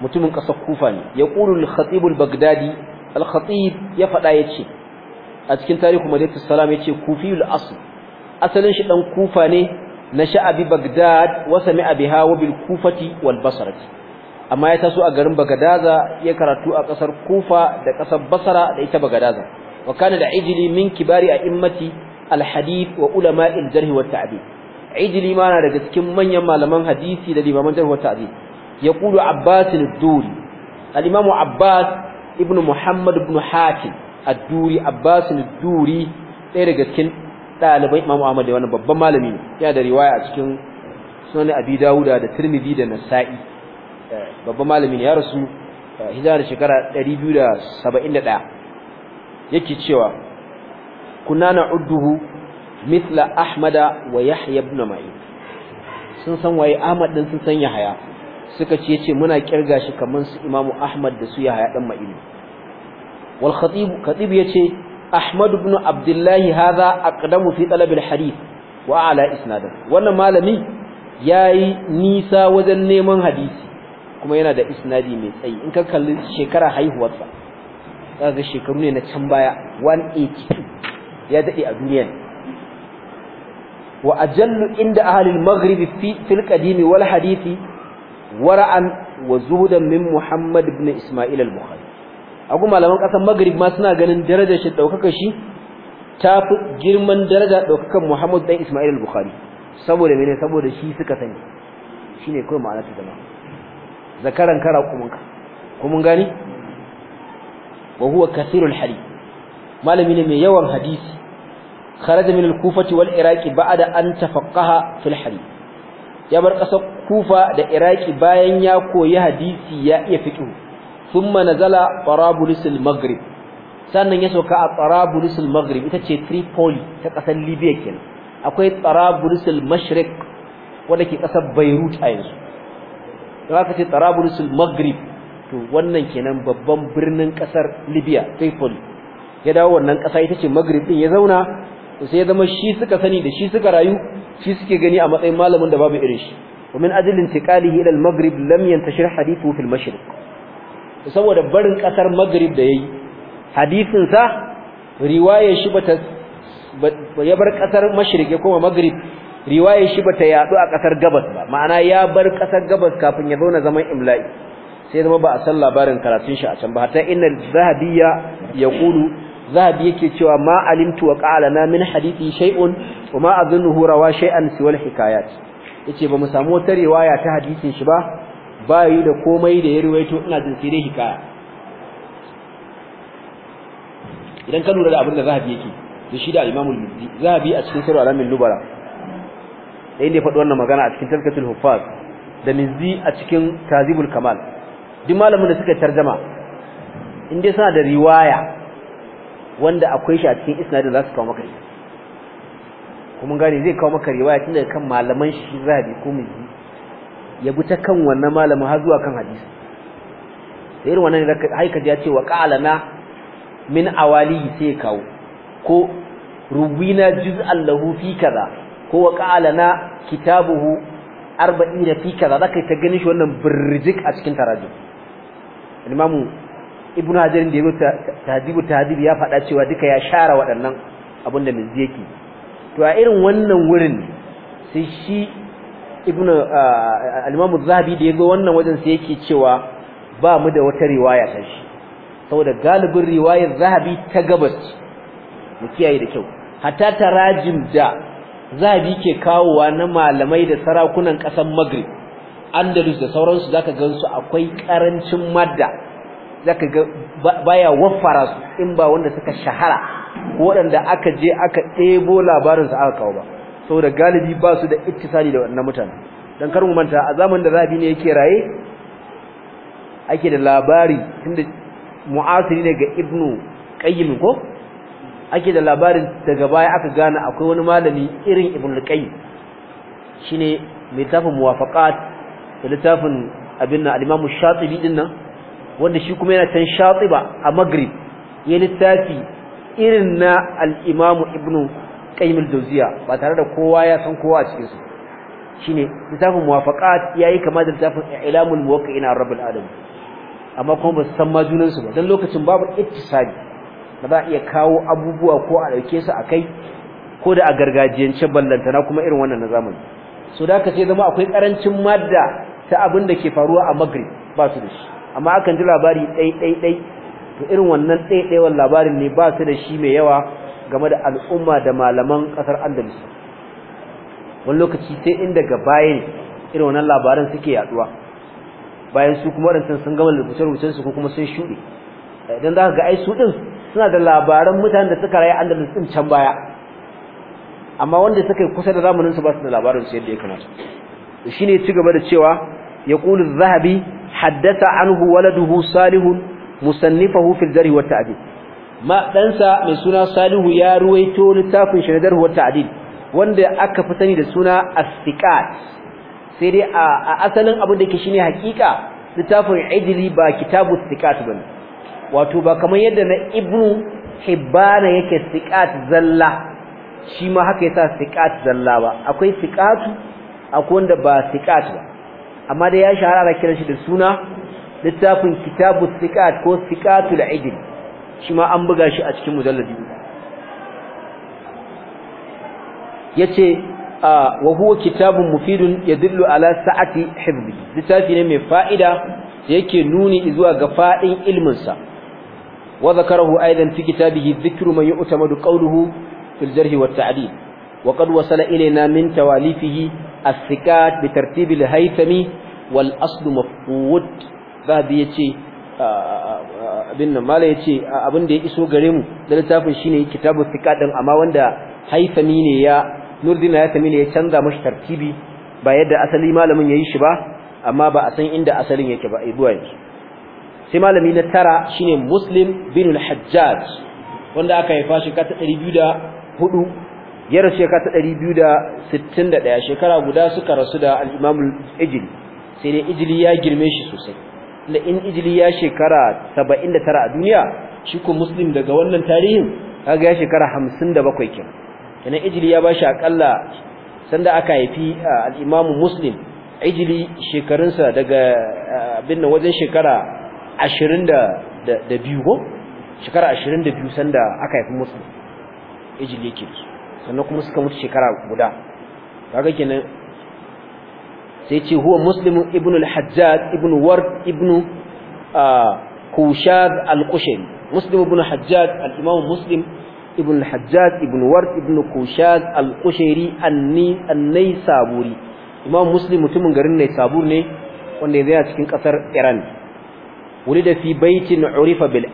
mutumin kasar kufa ne ya qulu al-khatib al khatib ya fada yace a cikin tarihu madinatu salam yace kufiyul asl asalin shi dan kufa ne na sha'abi baghdad wa sami'a biha bil kufati wal basrati amma ya taso a garin Bagadaza ya karatu a kasar Kufa da kasar Basra da ita Bagadaza wa kana da ijli min kibari a immati al-hadith wa ulama'il jarh wa ta'dil ijli ma na daga cikin manyan malaman hadisi da limaman jarh wa ta'dil yaqulu Abbas ad-Duri al-Imam Abbas ibn Muhammad ibn Hatim ad-Duri Abbas ad-Duri ɗaya daga cikin ɗaliban Imam Ahmad da wani babban malami ne yana da riwaya a cikin sunan Abi Dawuda da Tirmidhi da Nasa'i babban malami ne ya rasu hijira shekara 271 yake cewa kunna na'udduhu mithla ahmada wa yahya ibn ma'in sun san waye ahmad din sun san yahya suka ce ce muna kirga shi kaman su imamu ahmad da su yahya dan ma'in wal khatib khatib yace ahmad ibn abdullah hadha aqdamu fi talab al hadith wa ala isnadin wannan malami yayi nisa wajen neman hadisi kuma yana da isnadi mai tsayi in ka kalli shekara haihuwarsa za ga shekaru ne na can baya 182 ya daɗe a duniya ne wa ajallu inda ahlil maghribi fi fil qadimi wal hadithi wara'an wa zuhudan min muhammad ibn isma'il al bukhari agu malaman kasan maghrib ma suna ganin darajar shi daukaka shi ta fi girman daraja daukakan muhammad dan isma'il al bukhari saboda mene saboda shi suka sani shine kawai ma'anar ta zama zakaran kara kumunka kuma gani wa huwa kathirul hadith malami ne mai yawan hadisi kharaja min al-kufati wal iraqi ba'da an tafaqqaha fil hadith ya bar kasar kufa da iraqi bayan ya koyi hadisi ya iya fiqh thumma nazala Tarablus al-maghrib sannan ya sauka a Tarablus al-maghrib ita ce Tripoli ta kasar Libya kenan akwai Tarablus al-mashriq wanda ke kasar Beirut a yanzu da aka ce Tarablusul Maghrib to wannan kenan babban birnin kasar Libya Tripoli ya dawo wannan kasa ita ce Maghrib din ya zauna sai ya zama shi suka sani da shi suka rayu shi suke gani a matsayin malamin da babu irin shi ومن أجل انتقاله إلى المغرب لم ينتشر حديثه في المشرق saboda barin kasar maghrib da yayi hadisin sa riwayar shi ya bar kasar mashriq ya koma maghrib riwayar shi bata yadu a kasar gabas ba ma'ana ya bar kasar gabas kafin ya zauna zaman imla'i sai zama ba a san labarin karatun shi a can ba hatta inna zahabiyya yaqulu zahabi yake cewa ma alimtu wa qala na min hadithi shay'un wa ma azunnuhu rawa shay'an siwal hikayat yace ba mu samu wata riwaya ta hadisin shi ba yi da komai da ya riwayato ina jin sai dai hikaya idan ka lura da abin da zahabi yake da shi da imamul mizzi zahabi a cikin sirr alamin lubara da inda ya faɗi wannan magana a cikin tazkatul huffaz da mizzi a cikin tazibul kamal duk malamin da suka tarjama in dai suna da riwaya wanda akwai shi a cikin isnadin za su kawo maka kuma gane zai kawo maka riwaya tun daga kan malaman shi zabi ko mizzi ya bi ta kan wannan malamin har zuwa kan hadisi da irin wannan haikaji ya ce wa na min awali sai ya kawo ko rubina juz'an lahu fi kaza ko wa qalana kitabuhu 40 fi kaza zaka ta gani shi wannan burjik a cikin tarajum imamu ibnu hajar da yayi tahdibu tahdib ya faɗa cewa duka ya share waɗannan abin da mizzi yake to a irin wannan wurin sai shi ibnu al-imamu zahabi da yazo wannan wajen sai yake cewa ba mu da wata riwaya ta shi saboda galibin riwayar zahabi ta gabas mu kiyaye da kyau hatta tarajim da zabi ke kawowa na malamai da sarakunan ƙasar magrib Andalus da sauransu zaka gansu akwai karancin madda zaka ga baya waffara su in ba wanda suka shahara ko waɗanda aka je aka ɗebo labarin su aka kawo ba saboda galibi ba su da ittisali da wannan mutane dan karin manta a zamanin da Rabi ne yake raye ake da labari tunda mu'asiri ne ga Ibnu Qayyim ko ake da labarin daga baya aka gane akwai wani malami irin ibn qayyim shine mai tafin muwafaqat da littafin abin nan al-imam shatibi din nan wanda shi kuma yana can shatiba a maghrib ya littafi irin na al-imam ibn qayyim al-jawziya ba tare da kowa ya san kowa a cikin su shine littafin muwafaqat yayi kama da littafin ilamul muwaqqi'ina rabbul alamin amma kuma ba su san ma junan su ba dan lokacin babu ittisabi da za a iya kawo abubuwa ko a ɗauke su a kai ko da a gargajiyance ballantana kuma irin wannan na zamani so da aka ce zama akwai ƙarancin madda ta abin da ke faruwa a maghrib ba su da shi amma akan ji labari ɗai-ɗai-ɗai to irin wannan ɗai labarin ne ba su da shi mai yawa game da al'umma da malaman ƙasar andalus wani lokaci sai in daga bayan irin wannan labaran suke yaduwa bayan su kuma waɗancan sun gama rubuce su ko kuma sun shuɗe idan za ga ai su ɗin suna da labaran mutanen da suka rayu Andalus din can baya amma wanda suka kusa da zamanin su ba su da labarin su yadda ya kamata shine ci gaba da cewa yaqulu az-zahabi haddatha anhu waladuhu Salihu musannifahu fil jarh wa ta'dil ma dansa mai suna salihu ya ruwaito littafin shi na jarh wa ta'dil wanda aka fi sani da suna as-siqat sai dai a asalin abin da ke shine hakika littafin idili ba kitabu siqat bane wato ba kamar yadda na ibnu hibana yake siqat zalla shi ma haka yasa siqat zalla ba akwai siqatu akwai wanda ba siqat ba amma da ya shahara da kiran shi da suna littafin kitabu siqat ko siqatul ijl shi ma an buga shi a cikin mujalladi yace wa huwa kitabun mufidun yadullu ala sa'ati hifzi littafi ne mai fa'ida yake nuni zuwa ga fa'in ilmin sa وذكره أيضا في كتابه ذكر من يؤتمد قوله في الجرح والتعديل وقد وصل إلينا من تواليفه الثكات بترتيب الهيثمي والأصل مفقود ذهبي يتي abin nan mala yace abin da ya iso gare mu da littafin shine kitabu thiqat din amma wanda haifami ne ya nurdin haifami ne ya canza mashi tartibi ba yadda asali malamin yayi shi ba amma ba a san inda asalin yake ba ibuwa yanzu sai malami na tara shine muslim bin al-hajjaj wanda aka haifa shi ka ta 204 yar rasu ka ta 261 shekara guda suka rasu da al-imam al-ijli sai dai ijli ya girme shi sosai inda in ijli ya shekara 79 a duniya shi ko muslim daga wannan tarihin kaga ya shekara 57 kenan kenan ijli ya ba shi akalla sanda aka haifi uh, al-imam muslim ijili shekarunsa daga uh, abin wajen shekara ashirin da biyu ko shekara ashirin da biyu sanda aka haifi musu ijil yake da su sannan kuma suka mutu shekara guda kaga kenan sai ce huwa muslimun ibn al-hajjaj ibn ward ibn ah, kushad al-qushayri muslim ibn hajjaj al-imam muslim ibn al-hajjaj ibn ward ibn kushad al-qushayri an-naysaburi imam muslim mutumin garin naysabur ne wanda ya zai a cikin kasar iran da fi baitin urifa bil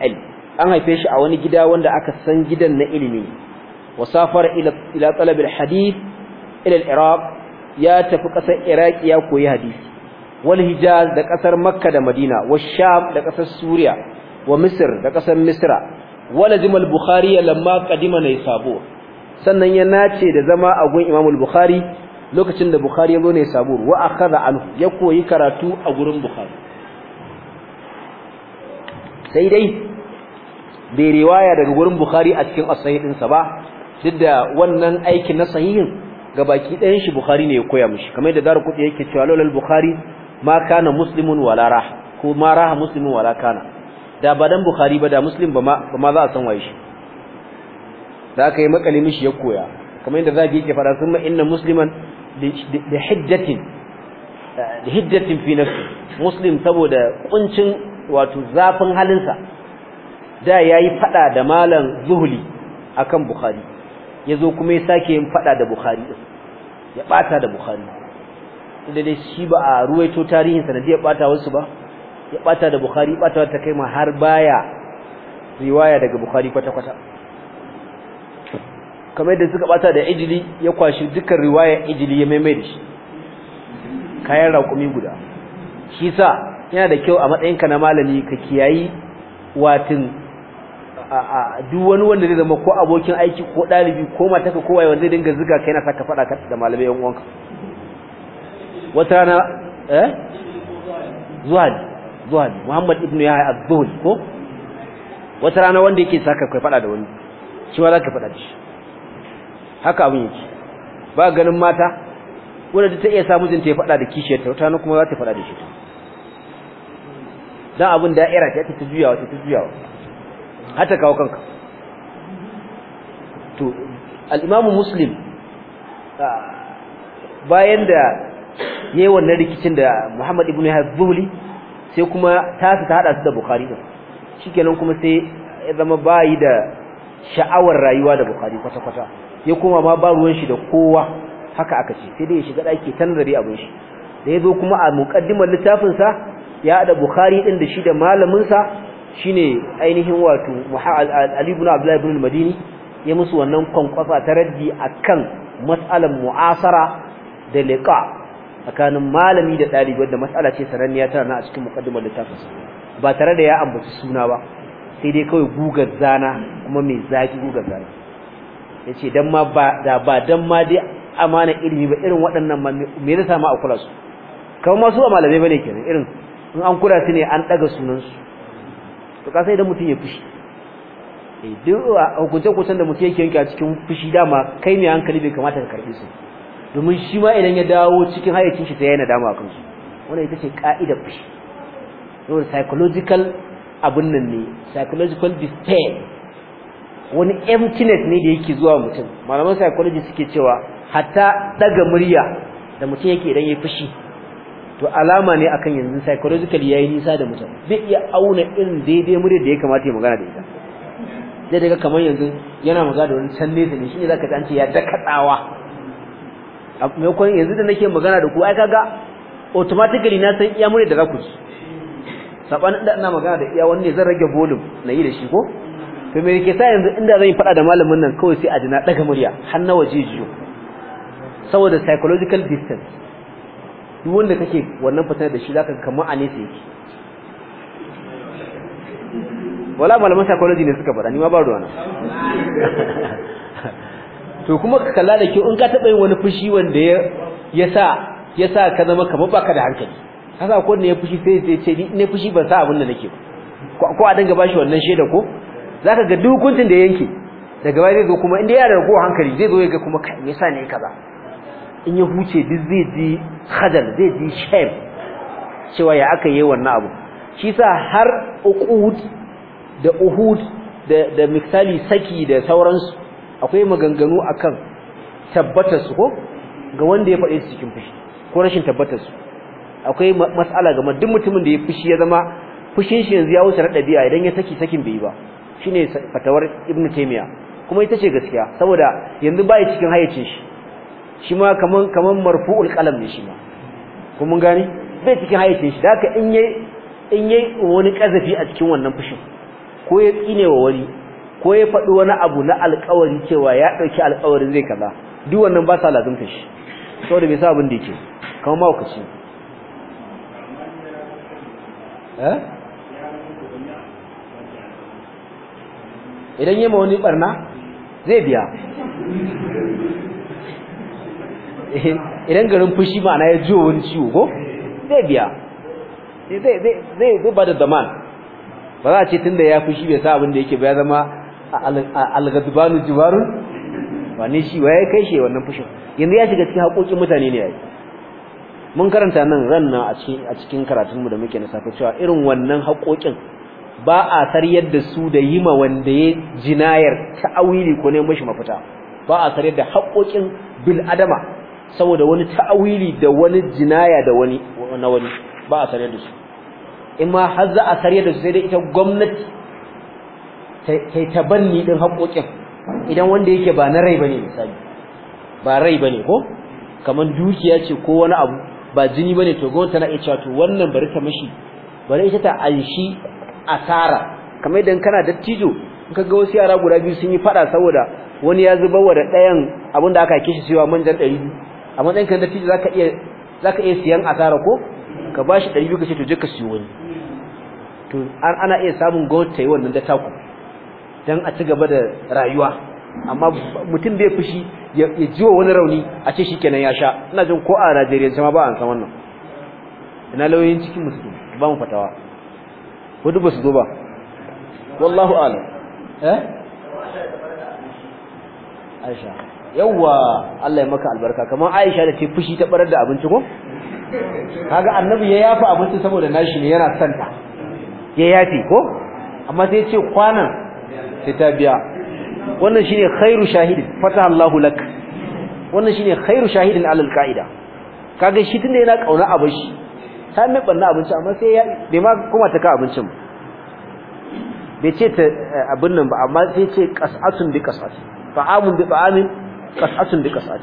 an haife shi a wani gida wanda aka san gidan na ilimi wasafar ila ila talab al ila al iraq ya tafi kasar iraq ya koyi hadisi wal hijaz da kasar makka da madina wa da kasar suriya wa misr da kasar misra walazim al bukhari lamma qadima naysabur sannan ya nace da zama a gun imam al bukhari lokacin da bukhari ya zo naysabur wa akhadha anhu ya koyi karatu a gurin bukhari sai dai bai riwaya daga gurin bukhari a cikin as-sahih ɗinsa ba duk da wannan aikin na sahihin gabaki ɗayan shi bukhari ne ya koya mishi kamar yadda daru kudi yake cewa lolal bukhari ma kana muslimun wala rah ko ma raha muslimun wala kana da ba dan bukhari ba da muslim ba ma ba ma za a san waye shi da aka yi makali mishi ya koya kamar yadda zaki yake fara summa inna musliman da hiddatin eh, hiddatin fi nafsi muslim saboda kuncin wato zafin halinsa da yayi fada da malam zuhuli akan bukhari yazo kuma ya sake yin fada da bukhari ya bata da bukhari inda dai shi ba a ruwaito tarihin sanadiyar bata wasu ba ya bata da bukhari bata ta kai ma har baya riwaya daga bukhari kwata kwata kamar yadda suka bata da ijili ya kwashi dukkan riwaya ijili ya maimaita shi kayan raƙumi guda shi sa yana da kyau a matsayinka na malami ka kiyayi watin duk wani wanda zai zama ko abokin aiki ko ɗalibi ko mata ko kowa wanda zai dinga zuga kai na saka faɗa da malamai yan uwanka wata rana eh zuhad zuhad muhammad ibnu yahya az-zuhd ko wata rana wanda yake saka kai faɗa da wani shi ma zaka faɗa da shi haka abin yake ba ganin mata wanda ta iya samu jin ya faɗa da kishiyarta wata rana kuma za ta faɗa da shi dan abin da'ira ta ta juyawa ta ta juyawa hata kawo kanka to al-Imam Muslim bayan da yayin wannan rikicin da Muhammad ibn Hazbuli sai kuma ta ta hada su da Bukhari din shikenan kuma sai ya zama bayi da sha'awar rayuwa da Bukhari kwata kwata ya kuma ma ba ruwan shi da kowa haka aka ce sai dai ya shiga daki tanzari abin shi da yazo kuma a muqaddimar littafin sa ya da bukhari din da shi da malamin sa shine ainihin wato ali ibn abdullah ibn al-madini ya musu wannan kwankwasa ta raddi akan mas'alan mu'asara da liqa tsakanin malami da dalibi wanda mas'ala ce sananniya tana a cikin muqaddimar littafin ba tare da ya ambaci suna ba sai dai kawai gugar zana kuma mai zaki gugar zana yace dan ma ba da ba dan ma dai amana ilimi ba irin waɗannan me yasa ma a kula su kamar su malamai bane kenan irin in an kula su ne an daga sunansu to ka sai idan mutum ya fushi eh duk hukunce hukuncen da mutum yake yanke a cikin fushi dama kai ne hankali bai kamata ka karbe su domin shi ma idan ya dawo cikin hayyacin shi sai yana dama kan su wannan ita ce ka'ida fushi saboda psychological abun nan ne psychological despair wani emptiness ne da yake zuwa mutum malaman psychology suke cewa hatta daga murya da mutum yake idan ya fushi to alama ne akan yanzu psychological yayi nisa da mutum zai iya auna irin daidai murya da ya kamata ya magana da ita zai daga kamar yanzu yana magana da wani can nesa ne shi ne zaka ji an ce ya dakatsawa Me kwan yanzu da nake magana da ku ai kaga automatically na san iya murya da zaku ji sabanin da ina magana da iya wanne zan rage volume na yi da shi ko to me yake sa yanzu inda zan yi fada da malamin nan kawai sai a ji na daga murya har na waje jiyo saboda psychological distance duk wanda kake wannan fitar da shi zaka ga kamar anesa yake wala malaman psychology ne suka faɗa ni ma ba na to kuma ka kalla da kyau in ka taɓa yin wani fushi wanda ya yasa sa ka zama kamar baka da hankali haka ko ne ya fushi sai sai ce ni ne fushi ban sa abin da nake ba ko a danga bashi wannan shaida ko zaka ga duk kuntin da yanke daga baya zai zo kuma inda yana da ko hankali zai zo ya ga kuma kai me yasa ne kaza in ya huce duk zai ji khadal zai ji shame cewa ya aka yi wannan abu shi sa har uqud da uhud da da misali saki da sauransu akwai maganganu akan tabbatar su ko ga wanda ya faɗi cikin fushi ko rashin tabbatar su akwai matsala ga duk mutumin da ya fushi ya zama fushin shi yanzu ya wuce na ɗabi'a idan ya saki sakin bai yi ba shine fatawar ibnu taymiya kuma ita ce gaskiya saboda yanzu bai cikin hayyacin shi shi ma kaman kaman marfu'ul qalam ne shi ma kun mun gane bai cikin hayyacin shi da haka in yayi in yayi wani kazafi a cikin wannan fushin ko ya tsine wa wani ko ya faɗi wani abu na alƙawari cewa ya ɗauki alƙawarin zai kaza duk wannan ba sa lazumta shi saboda bai sa abin da yake kamar ma eh idan yi ma wani barna zai biya Eh, idan garin fushi ma'ana ya ji wani ciwo ko zai biya eh, zai zai ba da zaman ba za a ce tunda ya fushi bai sa abin da yake ba ya zama algadbanu jibarun wani shi waye kai shi wannan fushin yanzu ya shiga cikin haƙoƙin mutane ne ya yi. mun karanta nan ran nan a cikin karatunmu da muke na safe cewa irin wannan haƙoƙin ba a saryar da su da yima wanda ya jinayar ta'awili ko ne mashi mafita ba a saryar da haƙoƙin bil adama saboda wani ta'awili da wani jinaya da wani na wani ba a sare da su in ma har za a sare da su sai dai ita gwamnati ta tabanni din haƙoƙin idan wanda yake ba na rai bane misali ba rai bane ko kaman dukiya ce ko wani abu ba jini bane to gwamnati tana iya cewa to wannan bari ta mishi bari ita ta anshi asara kamar idan kana dattijo in ka ga wasu yara guda biyu sun yi fada saboda wani ya zuba wa da ɗayan abinda aka kishi cewa manjan ɗari a matsayin kan da tiji zaka iya zaka iya siyan asara ko ka bashi 200 kace to je ka siyo wani to ana iya samun gold tayi wannan da taku dan a ci gaba da rayuwa amma mutum bai fushi ya jiwa wani rauni a ce shikenan ya sha ina jin ko a Najeriya sama ba an san wannan ina lauyoyin cikin musu ba mu fatawa wadda ba su zo ba wallahu alam eh aisha yawa Allah ya maka albarka kamar Aisha da ce fushi ta barar da abinci ko kaga annabi ya yafa abinci saboda nashi ne yana santa ya yafi ko amma sai ya ce kwanan sai ta biya wannan shine khairu shahid fataha Allahu lak wannan shine khairu shahidin alal qaida kaga shi tunda yana kauna abin ta mai banna abinci amma sai ya bai ma kuma ta ka abincin bai ce ta eh, abin nan ba amma sai ce qas'atun bi qas'atin fa'amun bi fa'amin qas'atun bi za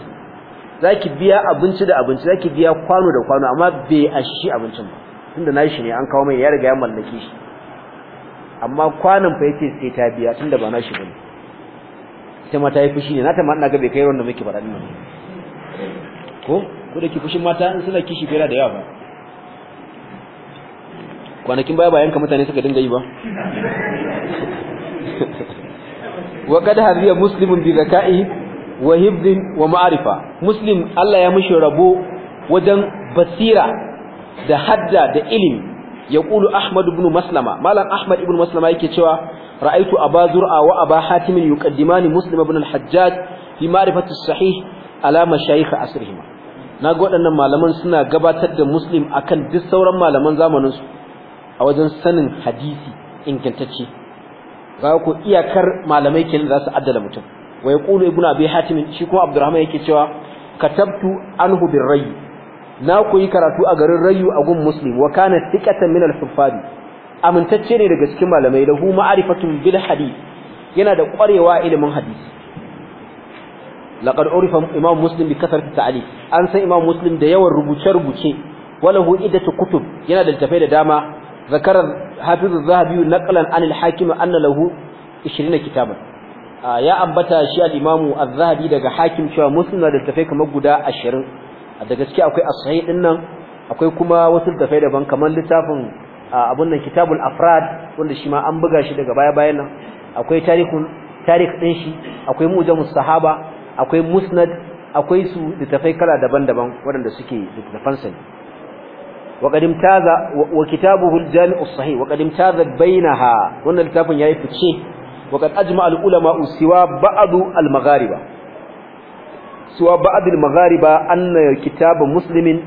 zaki biya abinci da abinci zaki biya kwano da kwano amma bai ashi abincin ba tunda nayi shi ne an kawo mai ya riga ya mallake shi amma kwanan fa yake sai ta biya tunda ba nashi bane ita mata ta yi fushi ne na ta ma ina ga bai kai ruwan da muke faɗa nan ko ko da ke fushin mata in suna kishi fera da yawa ba kwanakin baya bayan ka mutane suka dinga yi ba wa qad hadiya muslimun bi zakaihi wa hibdin wa ma'arifa muslim Allah ya mishi rabo wajen basira da hadda da ilimi yaqulu ahmad ibn maslama malam ahmad ibn maslama yake cewa ra'aitu aba zur'a wa aba hatim yuqaddimani muslim ibn al-hajjaj fi ma'rifati as-sahih ala mashayikh asrihima naga waɗannan malaman suna gabatar da muslim akan duk sauran malaman zamanin su a wajen sanin hadisi ingantacce ga ku iyakar malamai kenan za su addala mutum wa yaqulu ibnu abi hatim shi kuma abdurrahman yake cewa katabtu anhu birrayy na koyi karatu a garin rayu a gun muslim wa kana thiqatan min al-huffaz amintacce ne daga cikin malamai lahu ma'rifatun bil hadith yana da kwarewa ilimin hadisi laqad urifa imam muslim bi kasrati ta'lif an san imam muslim da yawan rubuce rubuce walahu idatu kutub yana da tafai da dama Zakarar hafiz az-zahabi naqlan an al-hakim anna lahu 20 kitaban ya ambata shi al imamu Az-Zahabi daga Hakim cewa musnad da tafai kamar guda 20 da gaske akwai as-sahih din nan akwai kuma wasu tafai ban kamar littafin abun nan Kitabul Afrad wanda shi ma an buga shi daga baya-bayan nan akwai tarihun tarikh din shi akwai mujamus sahaba akwai musnad akwai su tafai kala daban-daban waɗanda suke littafan sa wa qadim taza wa kitabuhu al-jami' as-sahih wa qadim taza bainaha wannan littafin yayi fice وقد أجمع العلماء سوى بعض المغاربة سوى بعض المغاربة أن كتاب مسلم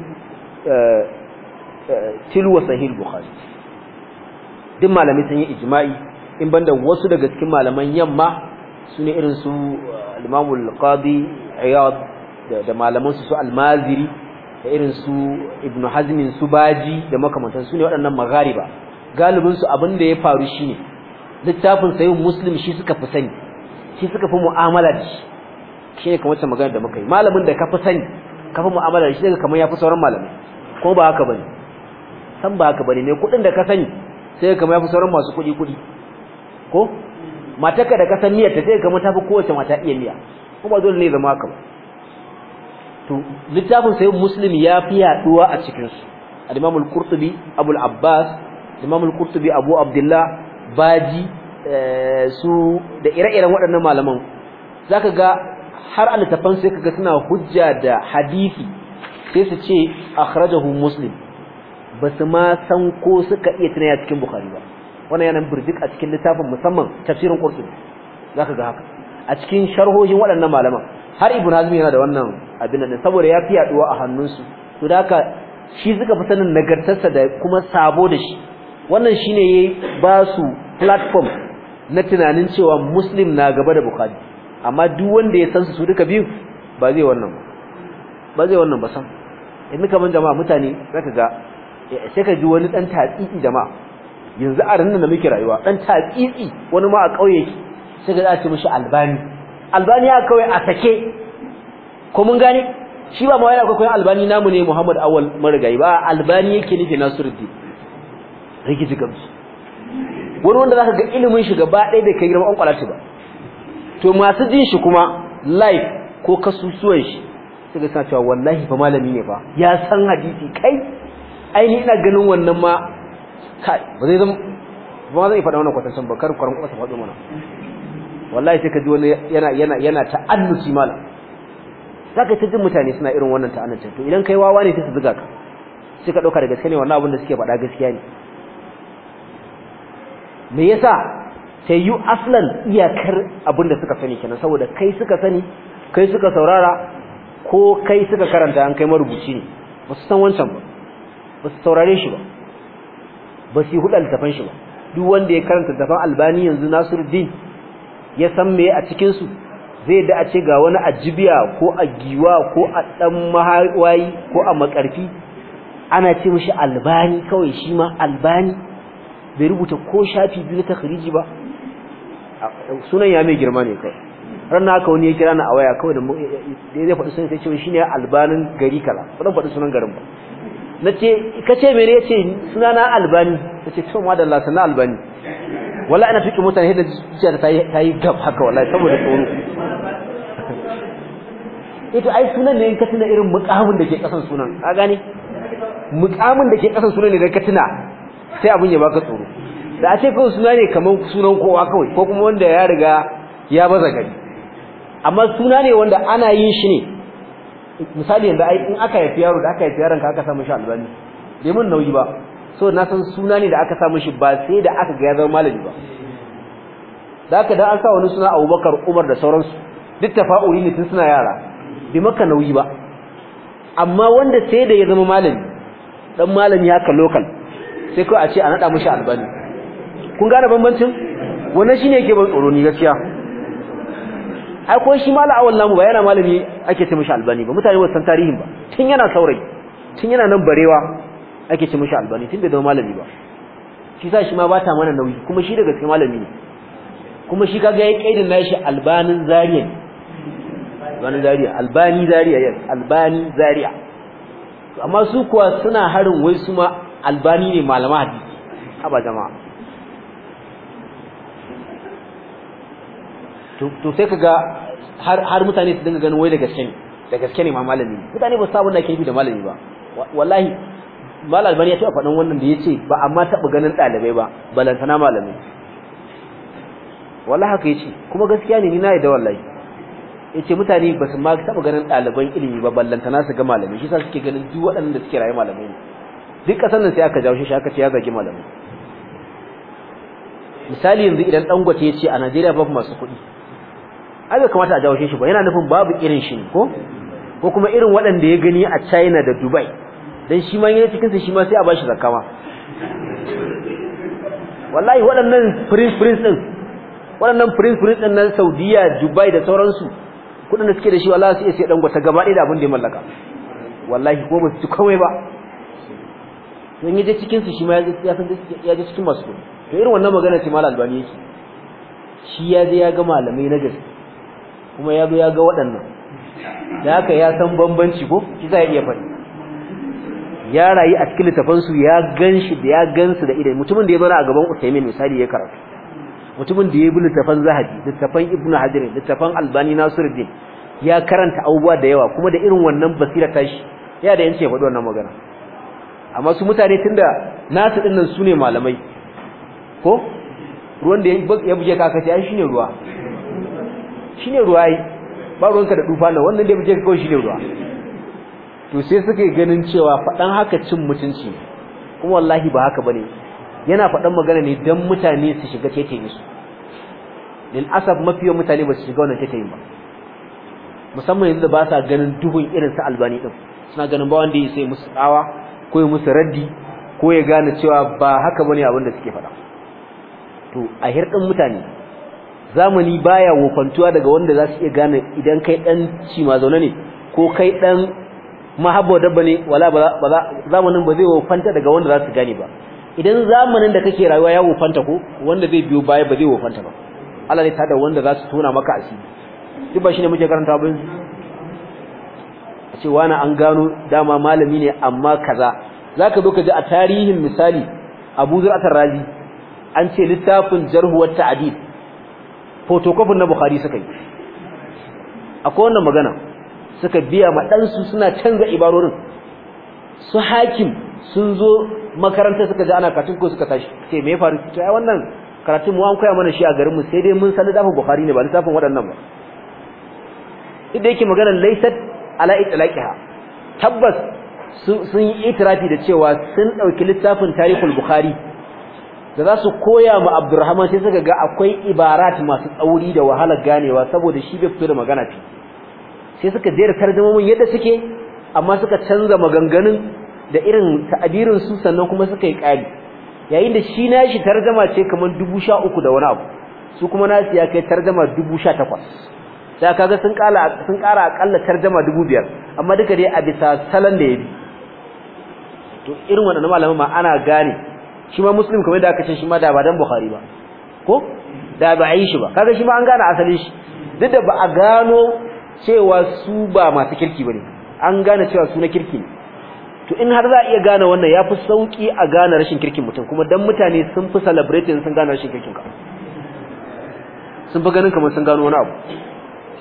تلو صحيح البخاري duk malamai sun yi ijma'i in banda wasu daga cikin malaman yamma su irin su al-Imam al-Qadi Iyad da malaman su su al-Maziri da irin su Ibn hazmin su Baji da makamantan su ne waɗannan maghariba galibin su abin da ya faru shine littafin sayin muslim shi suka fi sani shi suka fi mu'amala da shi shi ne kamar magana da muka yi malamin da ka fi sani ka fi mu'amala da shi daga kamar ya fi sauran malamai ko ba haka bane san ba haka bane ne kuɗin da ka sani sai kamar ya fi sauran masu kuɗi kuɗi ko matarka da ka san niyyar ta sai kamar ta fi kowace mata iya niyya ko ba dole ne zama haka ba to littafin sayin muslim ya fi yaduwa a cikin su al-imam al-qurtubi abul abbas al-imam al-qurtubi abu abdullah baji eh, su da ire-iren waɗannan malaman za ka ga har alitafan sai ga suna hujja da hadisi sai su ce akrajahu muslim ba su ma san ko suka iya tunaya cikin bukari ba wani yanar birdik a cikin littafin musamman tafsirin za ka ga haka a cikin sharhohin waɗannan malaman har ibn hazm yana da wannan abin nan saboda ya fi yaduwa a hannunsu to da haka shi suka fi sanin nagartarsa da kuma sabo da shi wannan shine yayi ba su platform na tunanin cewa muslim na gaba da bukhari amma duk wanda ya san su duka biyu ba zai wannan ba ba zai wannan ba san in kaman jama'a mutane zaka ga eh, sai ka ji wani dan tatsitsi jama'a yanzu a ranar da muke rayuwa dan tatsitsi wani ma a kauye sai ga ce mishi albani albani ya kauye a sake ko mun gane shi ba ma yana kwaikwayon albani namu ne muhammad awal marigayi ba albani yake nufi nasiruddin rikici jigamsu wani wanda zaka ga ilimin shi gaba ɗaya bai kai girman kwalaci ba to masu jin shi kuma laif ko kasusuwan shi suka sa cewa wallahi fa malami ne fa ya san hadisi kai aini ina ganin wannan ma kai ba zai zama ba zai faɗa wannan kwatancin ba kar kwaran kwasa faɗo mana wallahi sai ka ji wani yana yana yana ta'annuci malam za ta jin mutane suna irin wannan ta'annuci to idan kai wawa ne sai su zuga ka sai ka dauka da gaske ne wannan abin da suke faɗa gaskiya ne me yasa sai yu aslan iyakar abinda suka sani kenan saboda kai suka sani kai suka saurara ko kai suka karanta an kai marubuci ne ba su san wancan ba ba su saurare shi ba ba su yi hudu littafan shi ba duk wanda ya karanta littafan albani yanzu nasiruddin ya san me a cikinsu zai da a ce ga wani a jibiya ko a giwa ko a ɗan mahawayi ko a makarfi ana ce mishi albani kawai shi ma albani bai rubuta ko shafi biyu ta khariji ba sunan ya mai girma ne kai ranar haka wani ya kira na a waya kawai da zai faɗi sunan sai ce shi ne albanin gari kala ba faɗi sunan garin ba na ce ka ce mene ya ce suna na albani na ce cewa da lasa na albani wala ina tuki mutane da zuciya ta yi gab haka wala saboda tsoro ita eh ai sunan ne ka tuna irin mukamin da ke kasan sunan ka gane mukamin da ke kasan sunan ne da ka tuna sai abin ya baka tsoro da a ce kawai suna ne kamar sunan kowa kawai ko kuma wanda ya riga ya baza gari amma suna ne wanda ana yin shi ne misali yanzu ai in aka haifi yaro da aka haifi yaron ka aka samu shi albani bai mun nauyi ba so na san suna ne da aka samu shi ba sai da aka ga ya zama malami ba da aka dan an sa wani suna Abubakar Umar da sauransu duk tafa'uli ne tun suna yara bai maka nauyi ba amma wanda sai da ya zama malami dan malami haka local sai kawai a ce a nada mishi albani kun gane bambancin wannan shine yake ban tsoro ni gaskiya ai ko shi mala awal namu ba yana malami ake ce mishi albani ba mutane ba san tarihin ba tun yana saurayi tun yana nan barewa ake ce mishi albani tun bai zama malami ba shi sa shi ma bata mana nauyi kuma shi daga cikin malami ne kuma shi kaga ya kaidin nashi albanin zariya albanin zariya albani zariya yes albani zariya amma su kuwa suna harin wai su ma albani ne malama hadisi haba jama'a to sai kaga har har mutane su dinga ganin wai da gaske ne da gaske ne ma malami mutane ba su sabon da ke bi da malami ba wallahi mal albani ya ce a faɗin wannan da ya ce ba amma taɓa ganin ɗalibai ba balantana malami, wallahi haka ya ce kuma gaskiya ne ni na yadda wallahi, ya ce mutane ba su ma taba ganin ɗaliban ilimi ba ballantana su ga malamai shi sa suke ganin duk waɗanda suke rayu malamai ne duk kasan nan sai aka jawo shi aka ce ya zagi malamai misali yanzu idan dangote ya ce a Najeriya babu masu kuɗi ai kamata a jawo shi ba yana nufin babu irin shi ko ko kuma irin waɗanda ya gani a China da Dubai dan shi ma yana cikin sa shi ma sai a bashi zakka ma wallahi waɗannan prince prince din waɗannan prince prince din na Saudiya Dubai da sauransu kuɗin da suke da shi wallahi sai sai dangote gaba ɗaya da abin da ya mallaka wallahi ko ba su ci komai ba sun yi yaje cikin su shi ma ya san ya je cikin masu kuɗi to irin wannan magana ce malam albani yake shi ya je ya ga malamai na gaske kuma ya zo ya ga waɗannan da haka ya san bambanci ko shi za ya iya faɗi ya rayu a cikin littafansu ya gan shi da ya gan su da idan mutumin da ya zara a gaban Usaimin misali ya karatu mutumin da ya bi littafan Zahabi littafan Ibn Hajar littafan Albani Nasiruddin ya karanta abubuwa da yawa kuma da irin wannan basira tashi ya da yance ya faɗi wannan magana amma su mutane tunda nasu dinnan su ne malamai ko ruwan da ya buge ka kace ai shine ruwa shine ruwa ai ba ruwanka da dufa na wannan da ya buge ka kawai shine ruwa to sai suka yi ganin cewa faɗan haka cin mutunci kuma wallahi ba haka bane yana faɗan magana ne dan mutane su shiga teteyin su lil asab mafiyan mutane ba su shiga wannan teteyin ba musamman yanzu ba sa ganin duhun irin su albani din suna ganin ba wanda ya sai musu tsawa ko ya musu raddi ko ya gane cewa ba haka bane abin da suke faɗa to a hirɗin mutane zamani baya wofantuwa daga wanda za su iya gane idan kai ɗan cima zaune ne ko kai ɗan mahabba dabba ne wala ba zamanin ba zai wofanta daga wanda za su gane ba idan zamanin da kake rayuwa ya wofanta ko wanda zai biyo baya ba zai wofanta ba Allah ne ta da wanda za su tona maka asiri duk ba shine muke karanta ba a ce wani an gano dama malami ne amma kaza zaka zo ka ji a tarihin misali Abu Zur'atar Razi an ce littafin jarhuwar ta'adid photocopy na Bukhari suka yi akwai wannan magana suka biya ma ɗansu suna canza ibarorin su hakim sun zo makaranta suka ji ana katin ko suka tashi ce me ya faru to ai wannan karatun mu an koya mana shi a garin mu sai dai mun san littafin Bukhari ne ba littafin waɗannan ba idan yake magana laysat ala itlaqiha tabbas sun yi itirafi da cewa sun dauki littafin tarihul bukhari da za su koya ma abdurrahman sai suka ga akwai ibarat masu tsauri da wahalar ganewa saboda shi bai fito da magana fi sai suka jera tarjumomin yadda suke amma suka canza maganganun da irin ta'abirin su sannan kuma suka yi ƙari yayin da shi nashi tarjuma ce kamar 13 da wani abu su kuma nasu ya kai tarjuma 18 sai kaga sun kala sun kara akalla tarjuma 2500 amma duka dai a bisa salan da yabi to irin wannan malamin ma ana gane shi ma muslim kamar da aka ce shi ma da ba dan bukhari ba ko da ba yi shi ba kaga shi ma an gane asalin shi duk da ba a gano cewa su ba masu kirki bane an gane cewa su na kirki ne to in har za a iya gane wannan ya fi sauƙi a gane rashin kirkin mutum kuma dan mutane sun fi celebrating sun gane rashin kirkin ka sun fi ganin kamar sun gano wani abu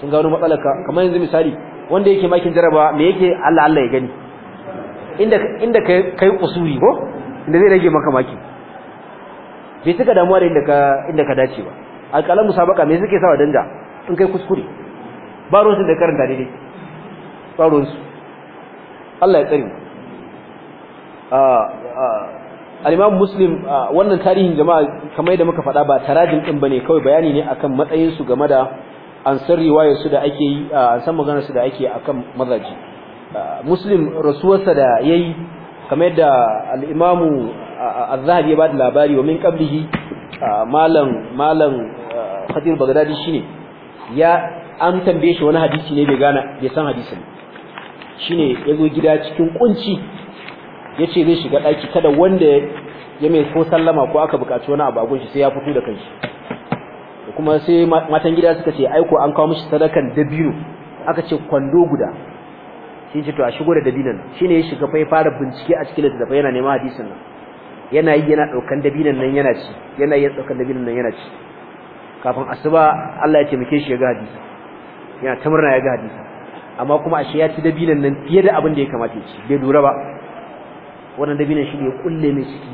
sun gano matsalar ka kamar yanzu misali wanda yake makin jaraba me yake Allah Allah ya gani inda inda kai kai kusuri ko inda zai rage maka maki bai saka damuwa da inda ka inda ka dace ba alƙalan musabaka me suke sawa danja in kai kuskure ba ruwan da karanta daidai ba ruwan su Allah ya tsare mu ah, ah, al-Imam Muslim ah, wannan tarihin jama'a kamar yadda muka faɗa ba tarajin din bane kawai bayani ne akan matsayin su game da an san riwayar su da ake yi an san maganar su da ake akan mazaji muslim rasuwarsa da yayi kamar yadda al-imamu az-zahabi ya bada labari wa min qablihi malam malam khatir bagdadi shine ya an tambaye shi wani hadisi ne bai gana bai san hadisi ne shine yazo gida cikin kunci yace zai shiga daki kada wanda ya mai ko sallama ko aka bukaci wani abu a gunshi sai ya fito da kanshi kuma sai matan gida suka ce aiko an kawo mishi sadakan dabino aka ce kwando guda shi ce to a shigo da dabinan shine ya shiga fa ya fara bincike a cikin da yana neman hadisin nan yana yi yana daukan dabinan nan yana ci yana yi daukan dabinan nan yana ci kafin asuba Allah ya taimake shi ya ga hadisi yana ta murna ya ga hadisi amma kuma ashe ya ci dabinan nan fiye da abin da ya kamata ya ci bai lura ba wannan dabinan shi ne ya kulle mai ciki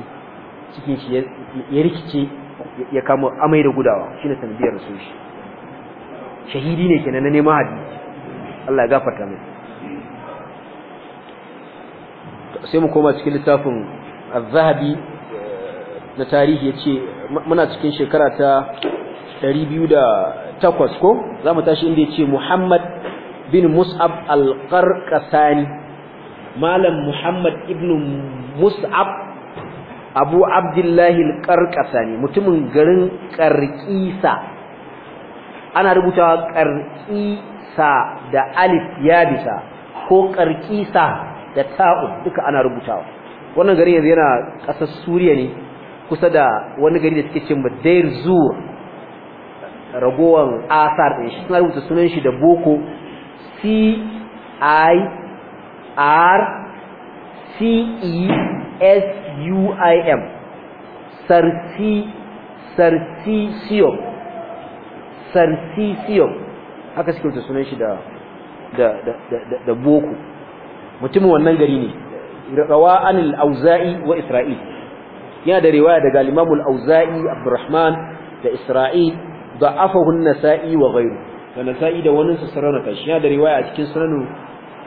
cikin shi ya rikice ya kama amai da gudawa shine sanadiyar su shi shahidi ne kenan na neman hadisi Allah ya gafarta mai sai mu koma cikin littafin az-zahabi eh, na tarihi yace muna cikin shekara ta 208 ko zamu tashi inda ce Muhammad bin Mus'ab al-Qarqasani malam Muhammad ibn Mus'ab abu abdullahi al-qarqasa ne mutumin garin qarqisa ana rubutawa qarqisa da alif ya bisa ko qarqisa da ta'u duka ana rubutawa wannan gari yanzu yana kasar suriya ne kusa da wani gari da suke cewa Deir Zur ragowan asar din shi rubuta sunan shi da boko C I R C E S UIM sarsi sarsi siyo sarsi siyo haka suke sunan shi da da da boko mutumin wannan gari ne rawa anil auza'i wa isra'il yana da riwaya daga al-imamul auza'i abdurrahman da isra'il da afahun nasai wa ghayru da nasa'i da wani su sarana yana da riwaya a cikin sunan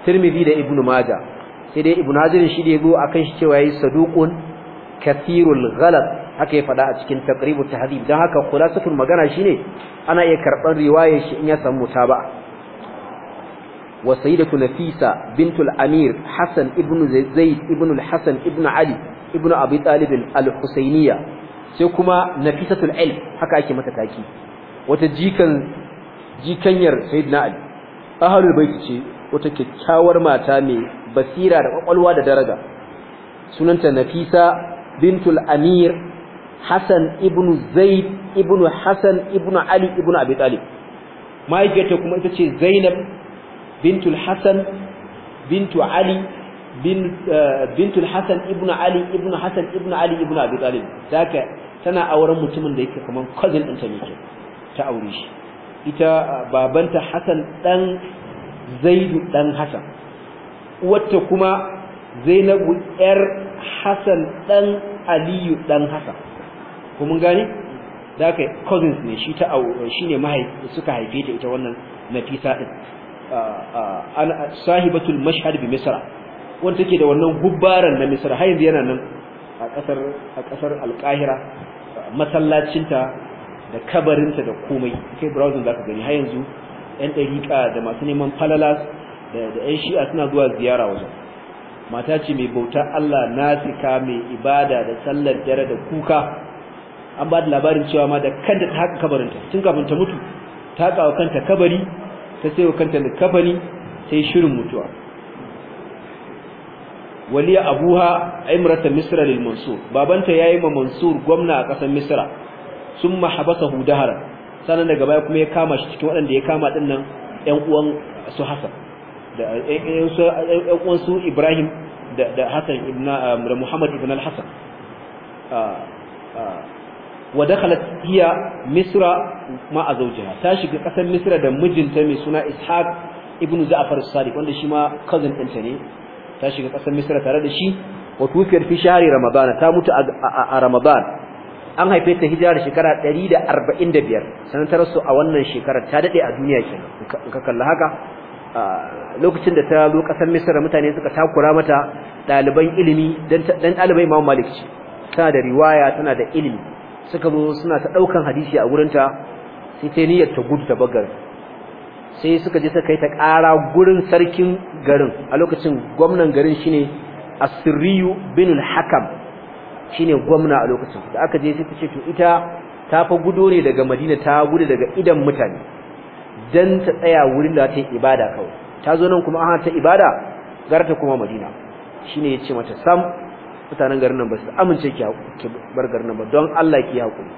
tirmidhi da ibnu majah sai dai ibn hajar shi da yazo akan shi cewa yayi saduqun kathirul ghalat haka ya fada a cikin taqribu tahdhib dan haka khulasatul magana shine ana iya karban riwayar shi in ya samu mutaba wa sayyidatu nafisa bintul amir hasan ibn zaid ibn al-hasan ibn ali ibn abi talib al sai kuma nafisatul ilm haka ake mata taki wata jikan jikanyar sayyidina ali ahlul bait ce wata kyakkyawar mata mai basira da kwakwalwa da daraja sunanta Nafisa bintul Amir Hassan ibn Zaid ibn Hassan ibn Ali ibn Abi Talib mahaifiyarta kuma ita ce Zainab bintul Hassan bintu Ali eh, bintul Hassan ibn Ali ibn Hassan ibn Ali ibn Abi Talib zaka tana auren mutumin da yake kaman cousin ɗinta ne ta aure shi ita eh, babanta Hassan dan zaidu dan hasan wata kuma zainabu yar hasan dan aliyu dan hasan ko mun gane da kai cousins ne shi ta shine mahaifi suka haife ta ita wannan nafisa din ana sahibatul mashhad bi misra wanda take da wannan gubbaran na misra har yanzu yana nan a kasar a kasar masallacinta da kabarinta da komai kai browsing zaka gani har yanzu yan ɗariƙa da masu neman falala da yan shi'a suna zuwa ziyara wajen mata ce mai bauta Allah na nasika mai ibada da sallar dare da kuka an ba da labarin cewa ma da kanta ta haka kabarinta tun kafin ta mutu ta haka kanta kabari ta sayo kanta da kabari sai shirin mutuwa waliya abuha imrata misra lil mansur babanta yayi ma mansur gwamna a kasar misra mahabasa habasahu Haram. sanan daga baya kuma ya kama shi cikin waɗanda ya kama ɗin nan yan uwan su Hassan da ƴan uwan su Ibrahim da Hassan ibn um, da Muhammad ibn al-Hassan ah, ah, wa dakhalat hiya Misra ma azawjiha ta shiga ƙasar Misra da mijinta mai suna Ishaq ibn Za'afar as-Sadiq wanda shi ma cousin ɗinta ne ta shiga ƙasar Misra tare da shi wa tufiyar fi shahri Ramadana ta mutu a Ramadana. an haife ta hijira da shekara 145 biyar, su a wannan shekara ta dade a duniya kenan in ka kalla haka lokacin da ta zo kasar Misra mutane suka takura mata daliban ilimi dan ɗalibai dalibai Imam Malik ce tana da riwaya tana da ilimi suka zo suna ta daukan hadisi a gurin ta sai ta niyyar ta gudu ta bagar sai suka je suka kai ta ƙara gurin sarkin garin a lokacin gwamnan garin shine Asriyu binul hakam shine gwamna a lokacin da aka je sai ta ce to ita ta fa gudo ne daga Madina ta gudu daga idan mutane dan ta tsaya wurin da ta yi ibada kawai ta zo nan kuma an ta ibada garta kuma Madina shine yace mata sam mutanen garin nan ba su amince ki ki bar garin nan ba don Allah ki hakuri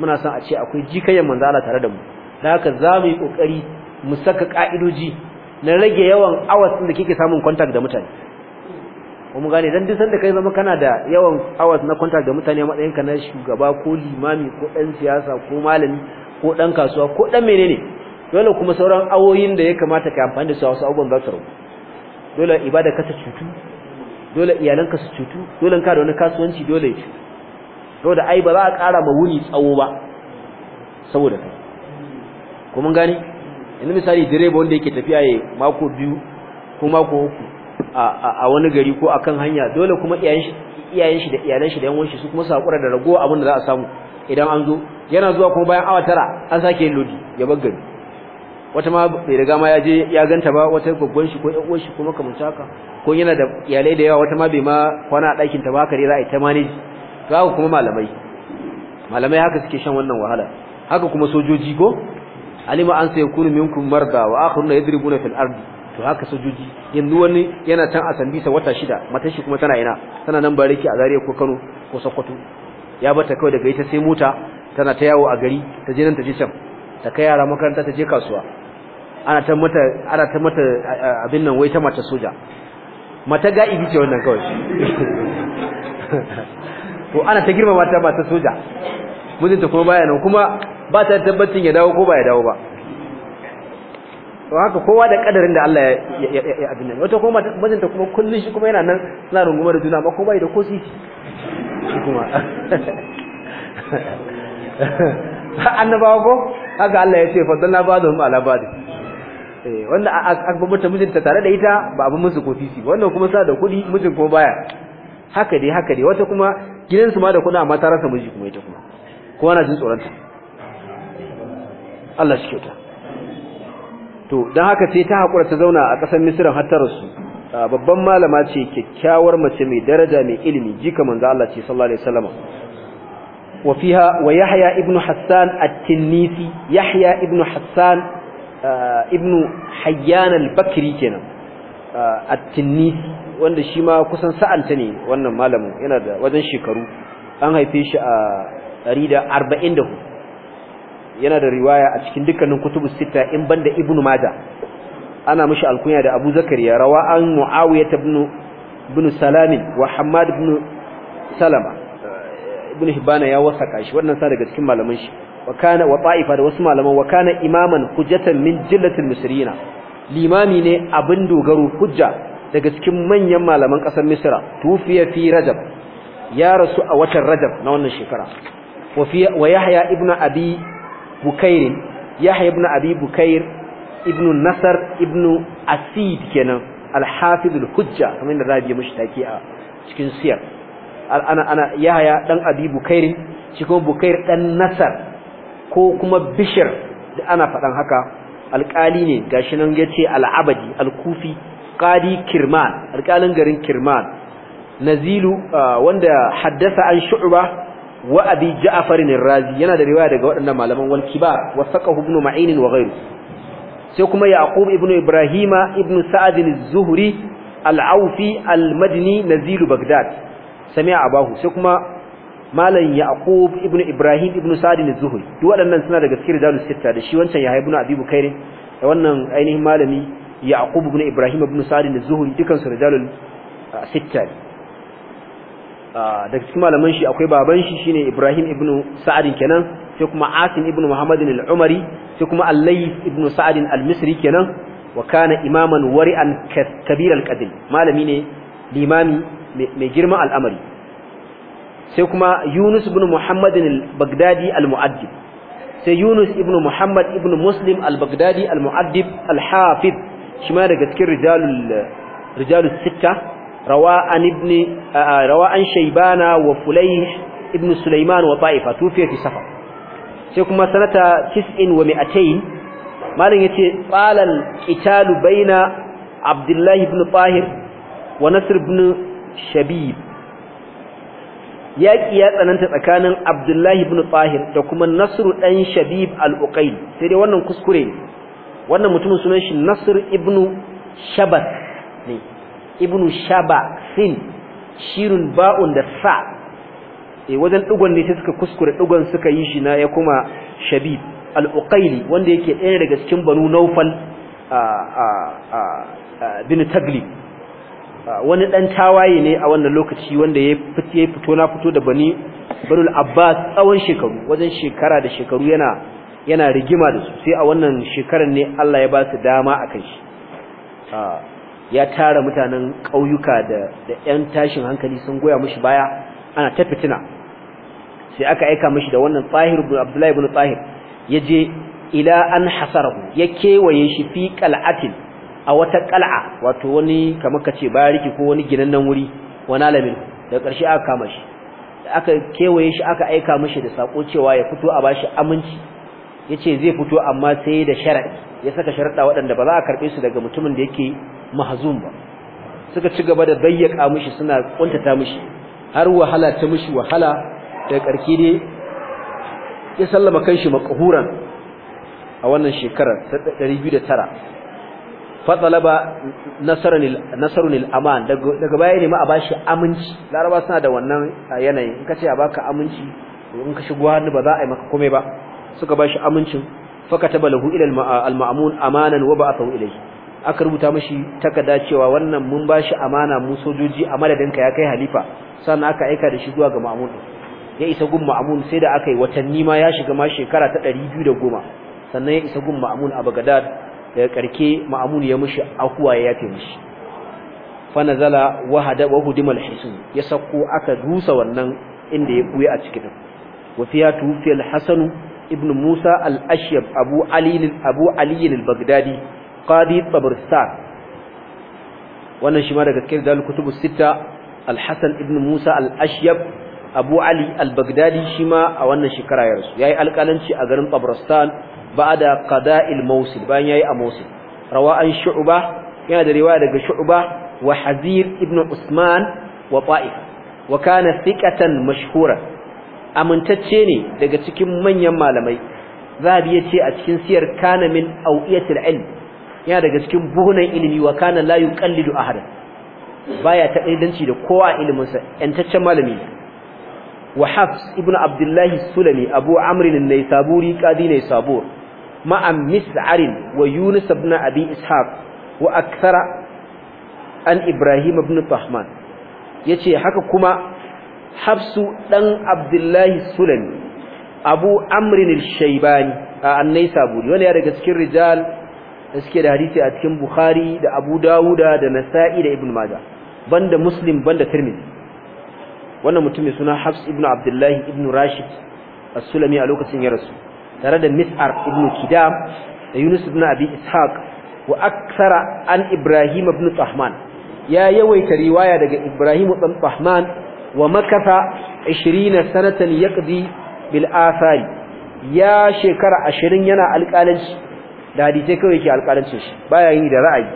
muna son a ce akwai jikayen manzo Allah tare da mu dan haka za mu yi kokari mu saka ka'idoji na rage yawan hours da kike samun contact da mutane mun gane dan duk sanda kai zama kana da yawan hours na contact da mutane matsayin ka na shugaba ko limami ko dan siyasa ko malami ko dan kasuwa ko dan menene dole kuma sauran awoyin da ya kamata ka amfani da su a wasu abubuwan za su rabu dole ibada ka ta cutu dole iyalanka su cutu dole ka da wani kasuwanci dole ya cutu saboda ai ba za a kara ma wuni tsawo ba saboda kai kuma gani gane yanzu misali direba wanda yake tafiya ya mako biyu ko mako uku a wani gari ko akan hanya dole kuma iyayen shi da iyalan shi da yan wanshi su kuma su hakura da rago abin da za a samu idan an zo yana zuwa kuma bayan awa tara an sake yin lodi ya bar gari wata ma bai riga ma ya je ya ganta ba wata gaggon shi ko yan uwan shi ko makamanta haka ko yana da iyalai da yawa wata ma bai ma kwana a ɗakin ta ba haka dai za a yi ta manage to haka kuma malamai malamai haka suke shan wannan wahala haka kuma sojoji ko alima an sayakunu minkum marda wa akharuna yadribuna fil ardi to haka sojoji yanzu wani yana can a sambisa wata shida matan shi kuma tana ina tana nan bariki a Zariya ko Kano ko Sokoto ya bata kawai daga ita sai mota tana ta yawo a gari ta je nan ta je can ta kai yara makaranta ta je kasuwa ana ta mata ana ta mata abin nan wai ta mata soja mata ga ibi ce wannan kawai to ana ta girma mata mata soja mijinta kuma baya nan kuma ba ta tabbacin ya dawo ko ba ya dawo ba to haka kowa da kadarin da Allah ya abin nan wata kuma ta kuma kullun shi kuma yana nan suna da juna ba kuma bai da kosi shi kuma annabawa ko haka Allah ya ce fadalla ba'dhum ala ba'd eh wanda aka bubunta mijinta tare da ita ba abin musu kofi wannan kuma sa da kudi mutum ko baya haka dai haka dai wata kuma gidansu ma da kuna amma ta rasa miji kuma ita kuma kowa na jin tsoronta Allah shi kyauta to dan haka sai ta haƙura ta zauna a ƙasar misirin har ta rasu babban malama ce kyakkyawar mace mai daraja mai ilimi jika manzo Allah ce sallallahu alaihi wasallam wa fiha wa yahya ibnu hassan at-tinnisi yahya ibnu hassan ibnu hayyan al-bakri kenan at-tinnisi wanda shi ma kusan sa'anta ne wannan malamin yana da wajen shekaru an haife shi a 144 yana da riwaya a cikin dukkanin kutubu sita in banda ibn maja ana mishi alkunya da abu zakariya rawa an muawiya ta ibn salami wa hamad ibn salama ibn hibana ya wasaka shi wannan sa daga cikin malaman shi wa kana wa ta'ifa da wasu malaman wa kana imaman hujjatan min jillatil misrina limami ne abin dogaro hujja daga cikin manyan malaman kasar misra tufiya fi rajab ya rasu a watan rajab na wannan shekara wa yahya ibn abi bukair yahya ibn abi bukair ibn nasar ibn asid kenan al-hafiz al-hujja kamar da rabi mushi a cikin siyar ana ana yahya dan abi bukair cikin bukair dan nasar ko kuma bishir da ana fadan haka alƙali ne gashi nan yace al alkufi al-kufi qadi kirman alqalin garin kirman nazilu ah, wanda haddasa an shu'ba wa abi ja'far ar-razi yana da riwaya daga waɗannan malaman wal kibar wa saqahu ibn ma'in wa ghayru sai kuma yaqub ibn ibrahima ibn sa'd az-zuhri al-aufi al-madini nazil baghdad sami'a abahu sai kuma malan yaqub ibn ibrahim ibn sa'd az-zuhri duk waɗannan suna daga cikin rijalus sita da shi wancan yahya ibn abi bukair da wannan ainihin malami yaqub ibn ibrahim ibn sa'd az-zuhri dukan su rijalul ah, ne Ah, daga cikin malaman shi akwai baban shi shine Ibrahim ibn Sa'ad kenan sai kuma Asim ibn Muhammad al-Umari sai kuma Al-Layth ibn Sa'ad al-Misri kenan wa kana imaman wari'an kabir al-qadil malami ne limami mai girman al'amari sai kuma Yunus ibn Muhammad al-Baghdadi al-Mu'addib sai Yunus ibn Muhammad ibn Muslim al-Baghdadi al-Mu'addib al-Hafiz shi ma daga cikin rijalul rijalus sittah rawa an ibn rawa an shaybana wa fulayh ibn sulaiman wa ta'ifa tufiya sai kuma sanata 90 wa malin yace qalal qitalu baina Abdullahi ibn tahir wa nasr ibn shabib yaki ya tsananta tsakanin Abdullahi ibn tahir da kuma nasr dan shabib al-uqayl sai dai wannan kuskure wannan mutumin sunan shi nasr ibn shabat ne ibnu shaba sin shirun ba'un da sa eh wajen dugon ne sai suka kuskure dugon suka yi shi na ya kuma shabib al-uqaili wanda yake ɗaya daga cikin banu naufal bin Tagli. wani dan tawaye ne a wannan lokaci wanda ya fito na fito da bani banul abbas tsawon shekaru wajen shekara da shekaru yana yana rigima da su sai a wannan shekarar ne Allah ya ba su dama akan shi ya tara mutanen ƙauyuka da da ƴan tashin hankali sun goya mishi baya ana ta fitina sai aka aika mishi da wannan Tahir ibn Abdullah ibn Tahir yaje ila an hasarahu ya kewaye shi fi qal'atin a wata qal'a wato wani kamar kace bariki ko wani nan wuri wani alamin da ƙarshe aka kama shi aka kewaye shi aka aika mishi da sako cewa ya fito a bashi aminci yace zai fito amma sai da sharadi ya saka sharuɗa waɗanda ba za a karbe su daga mutumin da yake mahzum ba suka ci gaba da bayyaka mishi suna kuntata mishi har wahala ta mishi wahala da karki dai ya sallama kanshi makhuran a wannan shekarar ta 209 fatsalaba nasarun aman daga baya ne ma a bashi aminci laraba suna da wannan yanayi in ka a baka aminci in ka shigo hannu ba za a yi maka komai ba suka bashi amincin fakataba lahu ila al-ma'mun amanan wa ba'athu ilayhi aka rubuta mashi takarda cewa wannan mun bashi amana mu sojoji a madadinka ya kai halifa sannan aka aika da shi zuwa ga Ma'mun ya isa gun Ma'mun sai da aka yi watanni ma ya shiga ma shekara ta 210 sannan ya isa gun Ma'mun a Baghdad daga karke Ma'mun ya mushi akuwa ya yafe mishi fa nazala wahada wa hudimal hisun ya sako aka rusa wannan inda ya buye a cikin wa fiya tufi al-Hasan ibn Musa al-Ashyab Abu Ali Abu Ali al-Baghdadi qadi tabristan wannan shi ma daga cikin dalil kutubu sita al-hasan ibn musa al-ashyab abu ali al-baghdadi shi ma a wannan shekara ya rasu yayi alƙalanci a garin tabristan ba'da qada'il mawsil bayan yayi a mawsil rawa an shu'ba yana da riwaya daga shu'ba wa hazir ibn usman wa ta'if wa kana thiqatan mashhura amintacce ne daga cikin manyan malamai zabi yace a cikin siyar kana min awiyatil ilm yana daga cikin buhunan ilimi wa kana la yuqallidu ahada baya ta daidanci da kowa ilimin sa yantaccen malami wa hafs ibnu abdullahi sulami abu amr an-naysaburi qadi naysabur ma'a mis'arin wa yunus ibn abi ishaq wa akthara an ibrahim ibn tahman yace haka kuma hafsu dan abdullahi sulami abu amr al-shaybani an wani ya daga cikin rijal da suke da hadisi a cikin Bukhari da Abu Dawuda da Nasa'i da Ibn Majah banda Muslim banda Tirmidhi wannan mutumin suna Hafs ibn Abdullah ibn Rashid As-Sulami a lokacin ya rasu tare da Mis'ar ibn Kidam da Yunus ibn Abi Ishaq wa aksara an Ibrahim ibn Tahman ya yawaita riwaya daga Ibrahim ibn Tahman wa makasa 20 sanatan yaqdi bil athari ya shekara 20 yana alƙalanci da hadisai kawai yake alƙalancin shi baya yi da ra'ayi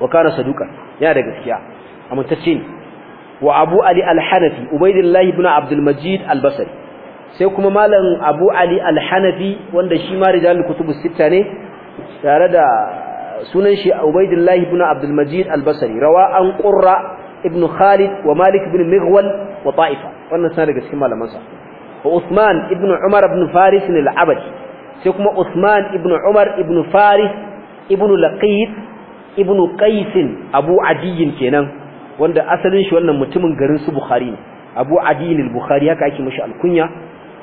wa kana saduka yana da gaskiya amintacce ne wa Abu Ali Al-Hanafi Ubaydullah ibn Abdul Majid Al-Basri sai kuma malam Abu Ali Al-Hanafi wanda shi ma rijalul kutubus sitta ne tare da sunan shi Ubaydullah ibn Abdul Majid Al-Basri rawa an Qurra ibn Khalid wa Malik ibn Mughwal wa Ta'ifa wannan sai daga cikin malaman sa wa usman ibn Umar ibn Faris al-Abadi sai kuma Usman ibn Umar ibn Faris ibn Laqit ibn Qais Abu Adiyin kenan wanda asalin shi wannan mutumin garin su Bukhari ne Abu Adiyin al-Bukhari haka ake mishi alkunya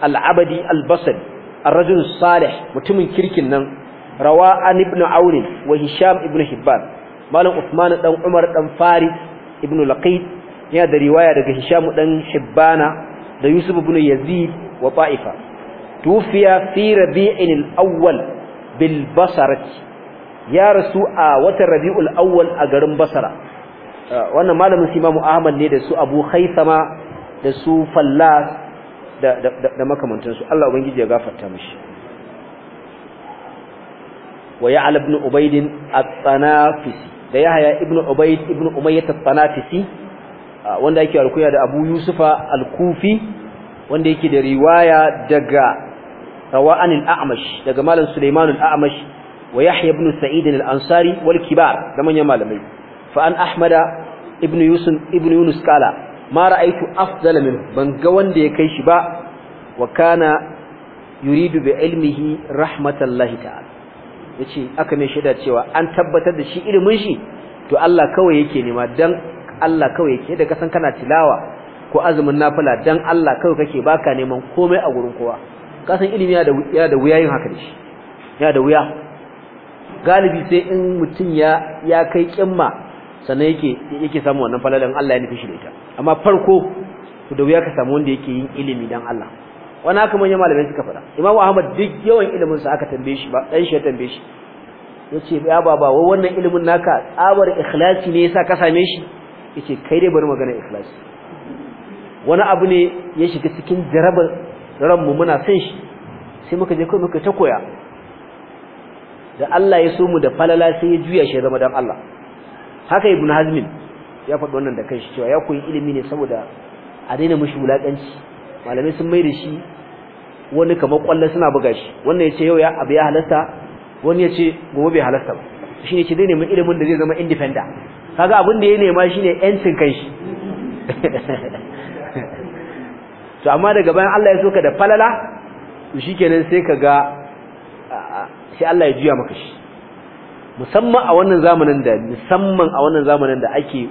al-Abadi al-Basri ar-rajul salih mutumin kirkin nan rawa an ibn wa Hisham ibn Hibban malam Usman dan Umar dan Faris ibn Laqit yana da riwaya daga Hisham dan Hibbana da Yusuf ibn Yazid wa Ta'ifa tufiya fi rabi'in al-awwal bil basarati ya rasu a watan rabi'ul awwal a garin basara wannan malamin su imamu ahmad ne da su abu haithama da su fallas da da makamantansu Allah ubangiji ya gafarta mishi wa ya'la ibn ubayd at-tanafisi da yahya ibn ubayd ibn umayyah at-tanafisi wanda yake alkuya da abu yusufa al-kufi wanda yake da riwaya daga rawa al-a'mash daga malam Sulaiman al-a'mash wa Yahya ibn Sa'id al-Ansari wal kibar da manyan malamai fa an Ahmada ibn Yusuf ibn Yunus kala ma ra'aytu afdala min ban ga wanda ya kai shi ba wa kana yuridu bi ilmihi rahmatallahi ta'ala yace aka ne shaida cewa an tabbatar da shi ilimin shi to Allah kawai yake nema dan Allah kawai yake da kasan kana tilawa ko azumin nafila dan Allah kawai kake baka neman komai a gurin kowa kasan ilimi yana da wuya yin haka da yana da wuya galibi sai in mutum ya ya kai kimma sanan yake yake samu wannan falalan Allah ya nufi shi da ita amma farko to da wuya ka samu wanda yake yin ilimi dan Allah wani haka manyan malamai suka faɗa imamu Ahmad duk yawan ilimin sa aka tambaye shi ba dan shi ya tambaye shi yace ya baba wai wannan ilimin naka tsabar ikhlasi ne yasa ka same shi yace kai dai bari magana ikhlasi wani abu ne ya shiga cikin jarabar ranmu muna son shi sai muka je kai muka ta koya da Allah ya so mu da falala sai ya juya shi zama dan Allah haka ibn hazmin ya faɗi wannan da kanshi cewa ya koyi ilimi ne saboda a daina mishi wulakanci malamai sun mai da shi wani kamar kwallo suna buga shi wannan ce yau ya abu ya halasta wani yace gobe bai halasta ba shi ne yace zai nemi ilimin da zai zama independent kaga abin da ya nema shine yancin kanshi to amma daga bayan Allah ya soka da falala to shikenan sai ka ga sai Allah ya juya maka shi musamman a wannan zamanin da musamman a wannan zamanin da ake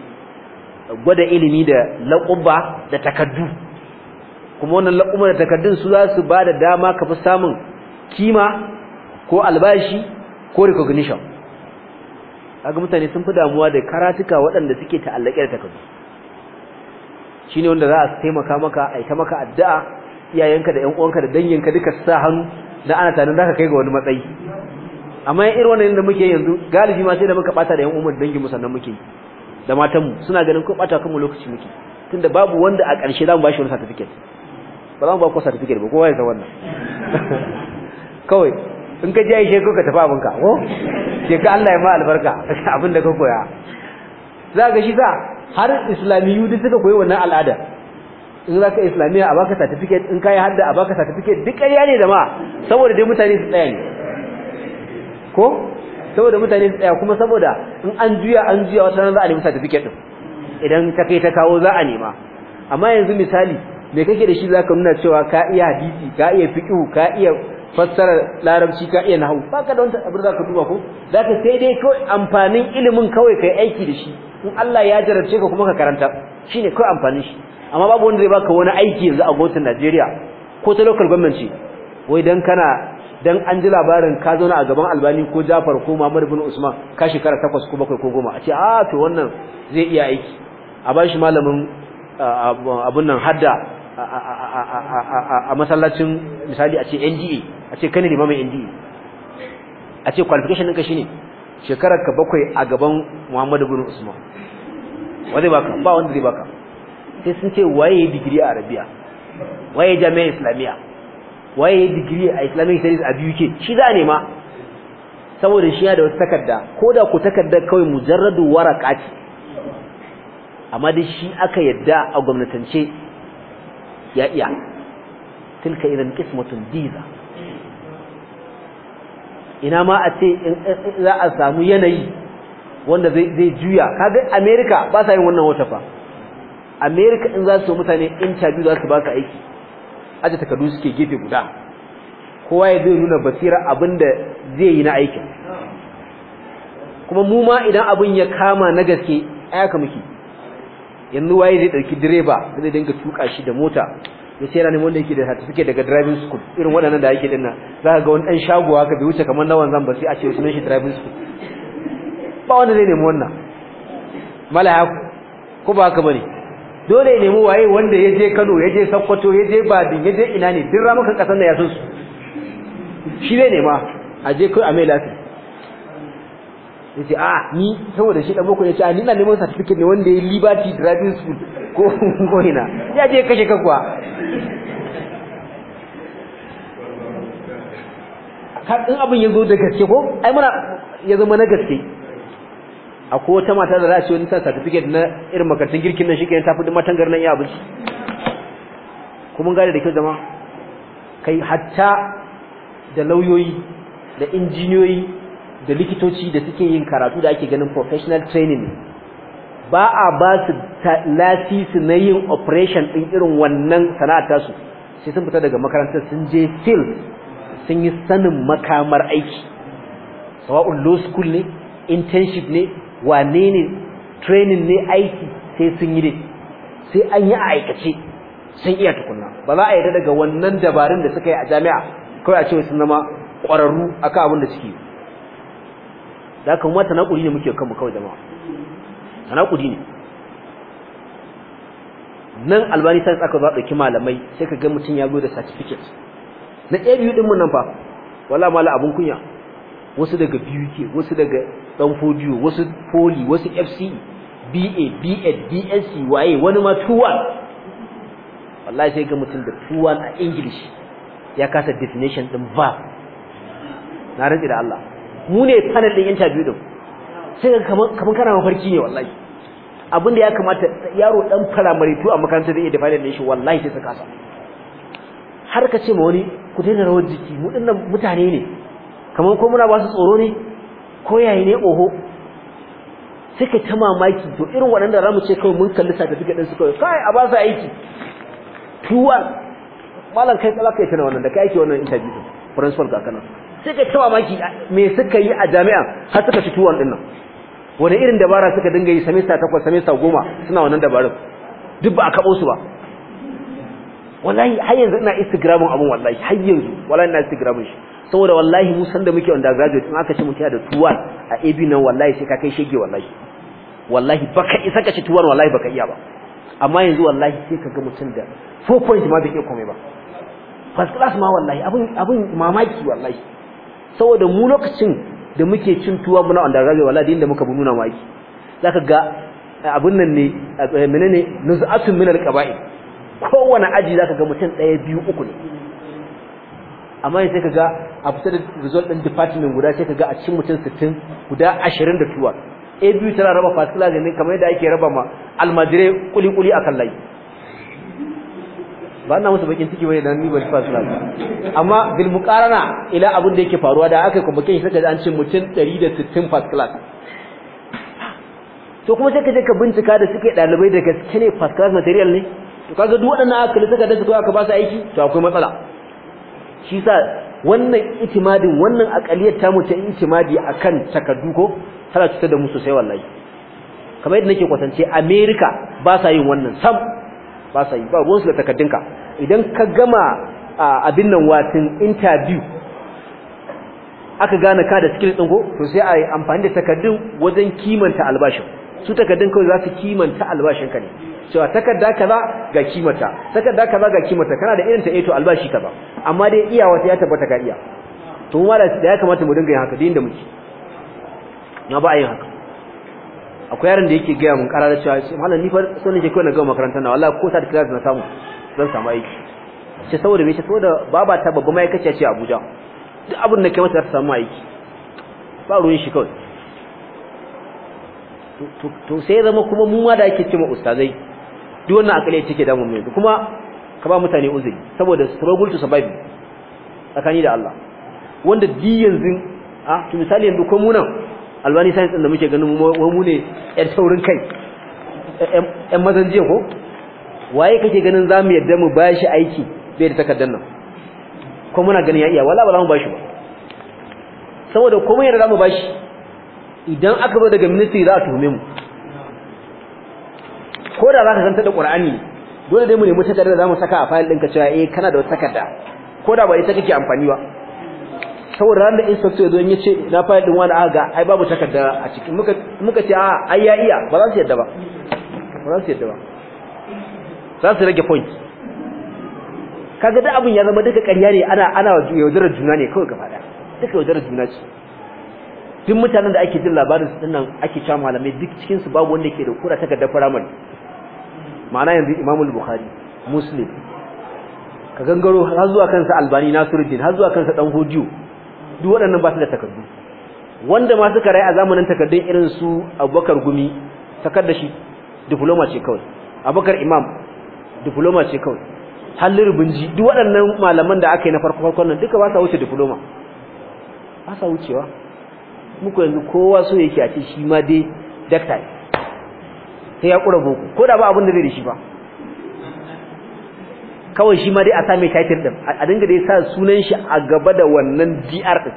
gwada ilimi da laquba da takaddu kuma wannan laquba da takaddun su za su bada dama ka fi samun kima ko albashi ko recognition kaga mutane sun fi damuwa da karatuka waɗanda suke ta'allake da takaddu shine wanda za a taimaka maka aika maka addu'a iyayenka da ƴan uwanka da danginka duka sa hannu dan ana tanin zaka kai ga wani matsayi amma irin irwana yadda muke yanzu galibi ma sai da muka bata da ƴan uwan dangin mu sannan muke da matan mu suna ganin ko bata kanmu lokaci muke tunda babu wanda a ƙarshe za mu bashi wani certificate ba za mu ba ku certificate ba kowa ya san wannan kawai in ka jaye shekaru ka tafi abinka oh, ko shekaru Allah ya ma albarka abin da ka koya za ka shi za har islamiyu duk suka koyi wannan al'ada in za ka islamiyya a baka certificate in ka yi hadda a baka certificate duk ƙarya ne da ma saboda dai mutane su tsaya ne ko saboda mutane su tsaya kuma saboda in an juya an juya wata nan za a nemi certificate din idan ka kai ta kawo za a nema amma yanzu misali me kake da shi za ka nuna cewa ka iya hadisi ka iya fiqhu ka iya fassara larabci ka iya nahwu baka da wani abin za ka duba ko za ka sai dai kawai amfanin ilimin kawai kai aiki da shi in Allah ya jarabce ka kuma ka karanta shine kai amfani shi amma babu wanda zai baka wani aiki yanzu a gwamnatin Najeriya ko ta local government ce wai dan kana dan an ji labarin ka na a gaban Albani ko Jafar ko Muhammad bin Usman ka shekara 8 ko 7 ko 10 a ce a ah, to wannan zai iya aiki a bashi malamin abun nan hadda a masallacin misali a ce NDA a ce kana limamin NDA a ce qualification ɗinka shine shekarar ka bakwai a gaban Muhammadu bin Usman wani baka ba wanda zai baka sai sun ce waye digiri a Arabiya waye jami'a Islamiyya waye digiri a Islamic Studies a UK shi za nema saboda shi ya da wata takarda ko da ku takarda kawai mujarradu waraka ce amma da shi aka yadda a gwamnatance ya iya tilka idan qismatun diza ina ma a ce za a samu yanayi wanda zai juya kaga America ba sa yin wannan wata fa America in za su mutane interview za su baka aiki aje takardu suke gefe guda kowa ya zai nuna basira abinda zai yi na aikin kuma mu ma idan abin ya kama na gaske ayaka muke yanzu waye zai ɗauki direba zai dinga tuka shi da mota yace yana neman wanda yake da certificate daga driving school irin waɗannan da yake za zaka ga wani dan shago haka bai wuce kamar na wanzan ba sai a ce sunan shi driving school ba wanda zai nemi wannan malaya ko ba haka bane dole ya nemi waye wanda ya je Kano ya je Sokoto ya je Badin ya je ina ne duk ramukan kasar da ya san su shi ne nema a je kai a mai lafiya ce a ah, ni saboda shi dan boko ce a ah, ni ina neman certificate ne wanda yayi liberty driving school ko ko ina ya je kashe ka kuwa in abin ya zo da gaske ko ai muna ya zama na gaske akwai wata mata da za ce wani san na irin makarantun girkin nan shikenan ta fudi matangar nan ya abinci kuma gane da kyau zama kai hatta da lauyoyi da injiniyoyi da likitoci da suke yin karatu da ake ganin professional training ba a ba su lasisi na yin operation din irin wannan sana'ar tasu sai sun fita daga makarantar sun je field sun yi sanin makamar aiki sawa'un low school ne internship ne wane ne training ne aiki sai sun yi dai sai an yi aikace sun iya tukunna ba za a yi daga wannan dabarun da suka yi a jami'a kawai a ce sun zama ƙwararru akan abin da suke yi da haka kuma tanakuri ne muke kanmu kawai jama'a tanakuri ne nan albani sai aka a ki malamai sai ka ga mutum ya zo da certificate na ɗaya biyu ɗin mu nan fa wala mala abun kunya wasu daga BUK wasu daga ɗan fodiyo wasu poli wasu FC BA bs BSc waye wani ma 21 wallahi sai ga mutum da 21 a English ya kasa definition din verb na rantsi da Allah mu ne panel din interview din sai kaman kamar kana mafarki ne wallahi abinda da ya kamata yaro dan primary to a makarantar da ya define din shi wallahi sai saka sa har ka ce ma wani ku daina rawar jiki mu dinnan mutane ne kaman ko muna ba su tsoro ne ko yayi ne oho sai ka ta mamaki to irin waɗanda za mu ce kawai mun kalli certificate din su kawai kai a ba su aiki tuwa malam kai tsala kai tana wannan da kai ake wannan interview principal kakana sai ka tawa maki me suka yi a jami'a har suka ci tuwon dinnan wani irin dabara suka dinga yi semester takwas semester goma suna wannan dabarun duk ba a kabo su ba wallahi har yanzu ina instagramin abun wallahi har yanzu wallahi ina instagramin shi saboda wallahi mu san da muke undergraduate in aka ce mutiya da tuwon a AB nan wallahi sai ka kai shege wallahi wallahi baka isa ka ci tuwon wallahi baka iya ba amma yanzu wallahi sai ka ga mutum da 4 point ma bai iya komai ba first class ma wallahi abun abun mamaki wallahi saboda mu lokacin da muke cin tuwa muna wanda rage da da muka bu nuna maki zaka ga eh, abun nan ne eh, menene nuz'atun min alqaba'i kowane aji zaka ga mutum daya biyu uku ne amma sai kaga a fitar da result din department guda sai ga a cikin mutum 60 guda 20 da tuwa a biyu tana raba fasila ne kamar yadda ake raba ma almajirai kuli kuli akan layi ba ina musu bakin ciki bane dan ni ban first amma bil muqarana ila abin da yake faruwa da aka kuma kai saka an ce mutum 160 first class to kuma sai ka je ka bincika da suke dalibai da gaske ne first class material ne to kaga duk wadannan aka kalli saka da su aka ba su aiki to akwai matsala shi sa wannan itimadin wannan akaliyar ta mutum itimadi akan takaddu ko tana cutar da mu sosai wallahi kamar yadda nake kwatance America ba sa yin wannan sam ba sa yi ba ruwansu da takaddunka idan ka gama abin nan watin interview aka gane ka da skill din ko to sai a yi amfani da takaddun wajen kimanta albashin su takaddun kawai za su kimanta albashin ka ne cewa takarda kaza ga kimata takarda kaza ga kimata kana da irin ta eh to albashi kaza amma dai iya wata ya tabbata ka iya to mu ma da ya kamata mu dinga yin haka da inda muke na ba a yin haka akwai yaron da yake gaya mun karara cewa ce malam ni fa sai nake kai na ga makarantar na wallahi ko ta class na samu zan samu aiki ce saboda me ce saboda baba ta babba mai kace ce Abuja duk abin da kai mata ta samu aiki ba ruwan shi kawai to sai zama kuma mu ma da ake cewa ustazai duk wannan akali yake da mu mai kuma ka ba mutane uzuri saboda struggle to survive tsakani da Allah wanda di yanzu a ah, to misali yanzu ko mu nan albani science din da muke ganin mu ne yar taurin kai yan mazan jiya ko waye kake ganin za mu yadda mu bashi aiki bai da takardar nan ko muna ganin ya iya wala ba za mu bashi ba saboda komai yadda za mu bashi idan aka zo daga ministry za a tuhume mu ko da za ka zanta da qur'ani dole dai mu nemi takardar da za mu saka a fayil ɗinka cewa eh kana da wata takarda ko da ba ita kake amfani ba saboda ran da inspector ya zo ya ce na fara din wani aga ai babu takarda a cikin muka muka ce a ai ya iya ba za su yadda ba ba za su yadda ba za su rage point kaga da abun ya zama duka ƙarya ne ana ana yaudarar juna ne kawai gaba daya duka yaudarar juna ce duk mutanen da ake jin labarin su dinnan ake cewa malamai duk cikin su babu wanda ke da kura takarda firamare ma'ana yanzu Imamul Bukhari Muslim ka gangaro har zuwa kansa Albani Nasiruddin har zuwa kansa Dan Hudiyo duk waɗannan ba su da takardu wanda ma suka rayu a zamanin takardun irin su Abubakar Gumi takar da shi diploma ce kawai Abubakar Imam diploma ce kawai Hallin Bunji duk waɗannan malaman da aka yi na farko farkon nan duka ba sa wuce diploma ba sa wucewa muku yanzu kowa so yake a ce shi ma dai dakta sai ya kura boko ko da ba abin da zai da shi ba kawai shi ma dai a same title din a dinga dai sa sunan shi a gaba da wannan DR din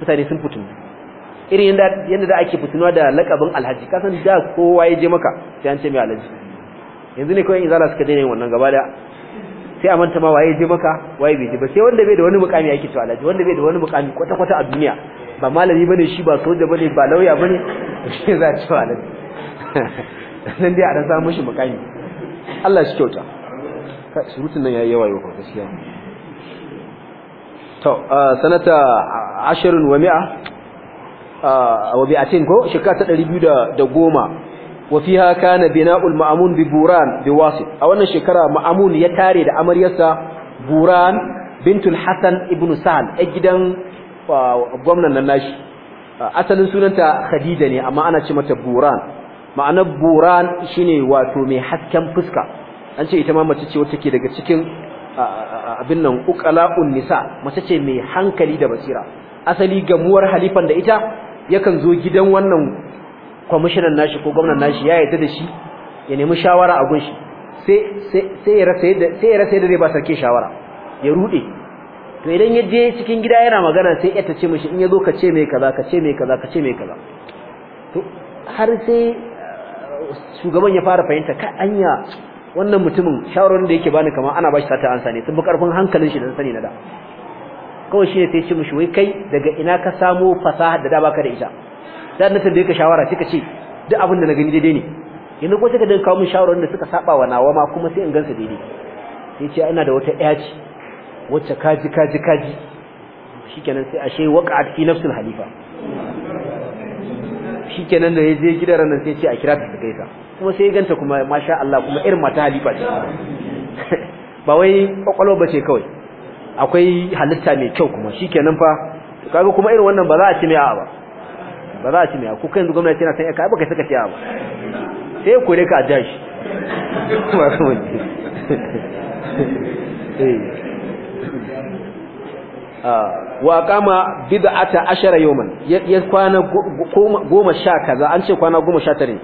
mutane sun fitu irin yanda yanda da ake fitunwa da lakabin alhaji kasan da kowa ya je maka sai an ce mai alhaji yanzu ne kawai izala suka daina yin wannan gaba da sai a manta ma waye je maka waye bai je ba sai wanda bai da wani mukami yake to alhaji wanda bai da wani mukami kwata kwata a duniya ba malami bane shi ba soja bane ba lauya bane shi za a ce alhaji nan dai a dan samu shi mukami Allah shi kyauta surutun nan yayi yawa yau ko gaskiya to sanata 10 wa 100 wa bi'atin ko shekara ta 210 wa fiha kana bina'ul ma'mun bi buran bi wasit a wannan shekara ma'mun ya tare da amaryarsa buran bintul hasan ibnu sa'al a gidan gwamnan nan nashi asalin sunanta khadija ne amma ana ce mata buran ma'anar buran shine wato mai hasken fuska an ce ita ma mace ce wacce ke daga cikin abin nan uqala'un nisa mace ce mai hankali da basira asali gamuwar halifan da ita yakan zo gidan wannan kwamishinan nashi ko gwamnan nashi ya yadda da shi ya nemi shawara a gunshi sai sai ya rasa yadda sai ya rasa yadda zai ba sarki shawara ya rude to idan ya je cikin gida yana magana sai ya tace mishi in ya zo ka ce mai kaza ka ce mai kaza ka ce mai kaza to har sai eh, shugaban ya fara fahimta ka anya wannan mutumin shawarar da yake bani kamar ana bashi sata ansa ne sun bi karfin hankalin shi da sani na da kawai shi ne sai ce mishi wai kai daga ina ka samo fasaha da da baka da ita da na tambaye ka shawara kika ce duk abin da na gani daidai ne yanzu ko kika dinka kawo min da suka saba wa nawa ma kuma sai in gansa daidai sai ce ina da wata ɗaya wacce kaji kaji kaji shikenan sai ashe waqa'at fi nafsil halifa shikenan da yaje gidaran nan sai ce a kira ta gaisa kuma sai ganta kuma masha Allah kuma irin mata halifa ce ba wai kwakwalwa ba ce kawai akwai halitta mai kyau kuma shikenan fa kaga kuma irin wannan ba za a ci mai ba ba za a ci mai a ku kan gwamnati yana san ya kai baka saka ci ba sai ku kore ka a jashi eh. ah, wa kama bid'ata ashara yawman ya kwana goma sha kaza an ce kwana goma sha tare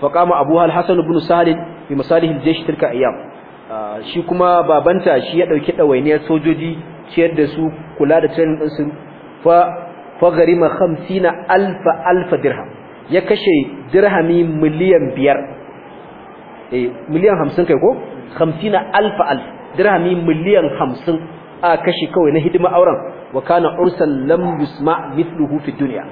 فقام أبوها الحسن بن Salim في مصالح الجيش تلك أيام shi kuma babanta shi ya ɗauki ɗawainiyar sojoji ciyar da su kula da training din su fa fa garima 50 alfa alfa dirham ya kashe dirhami miliyan biyar. miliyan hamsin kai ko 50 alfa alfa dirhami miliyan hamsin a kashe kawai na hidima auren wa kana ursan lam yusma mithluhu fi dunya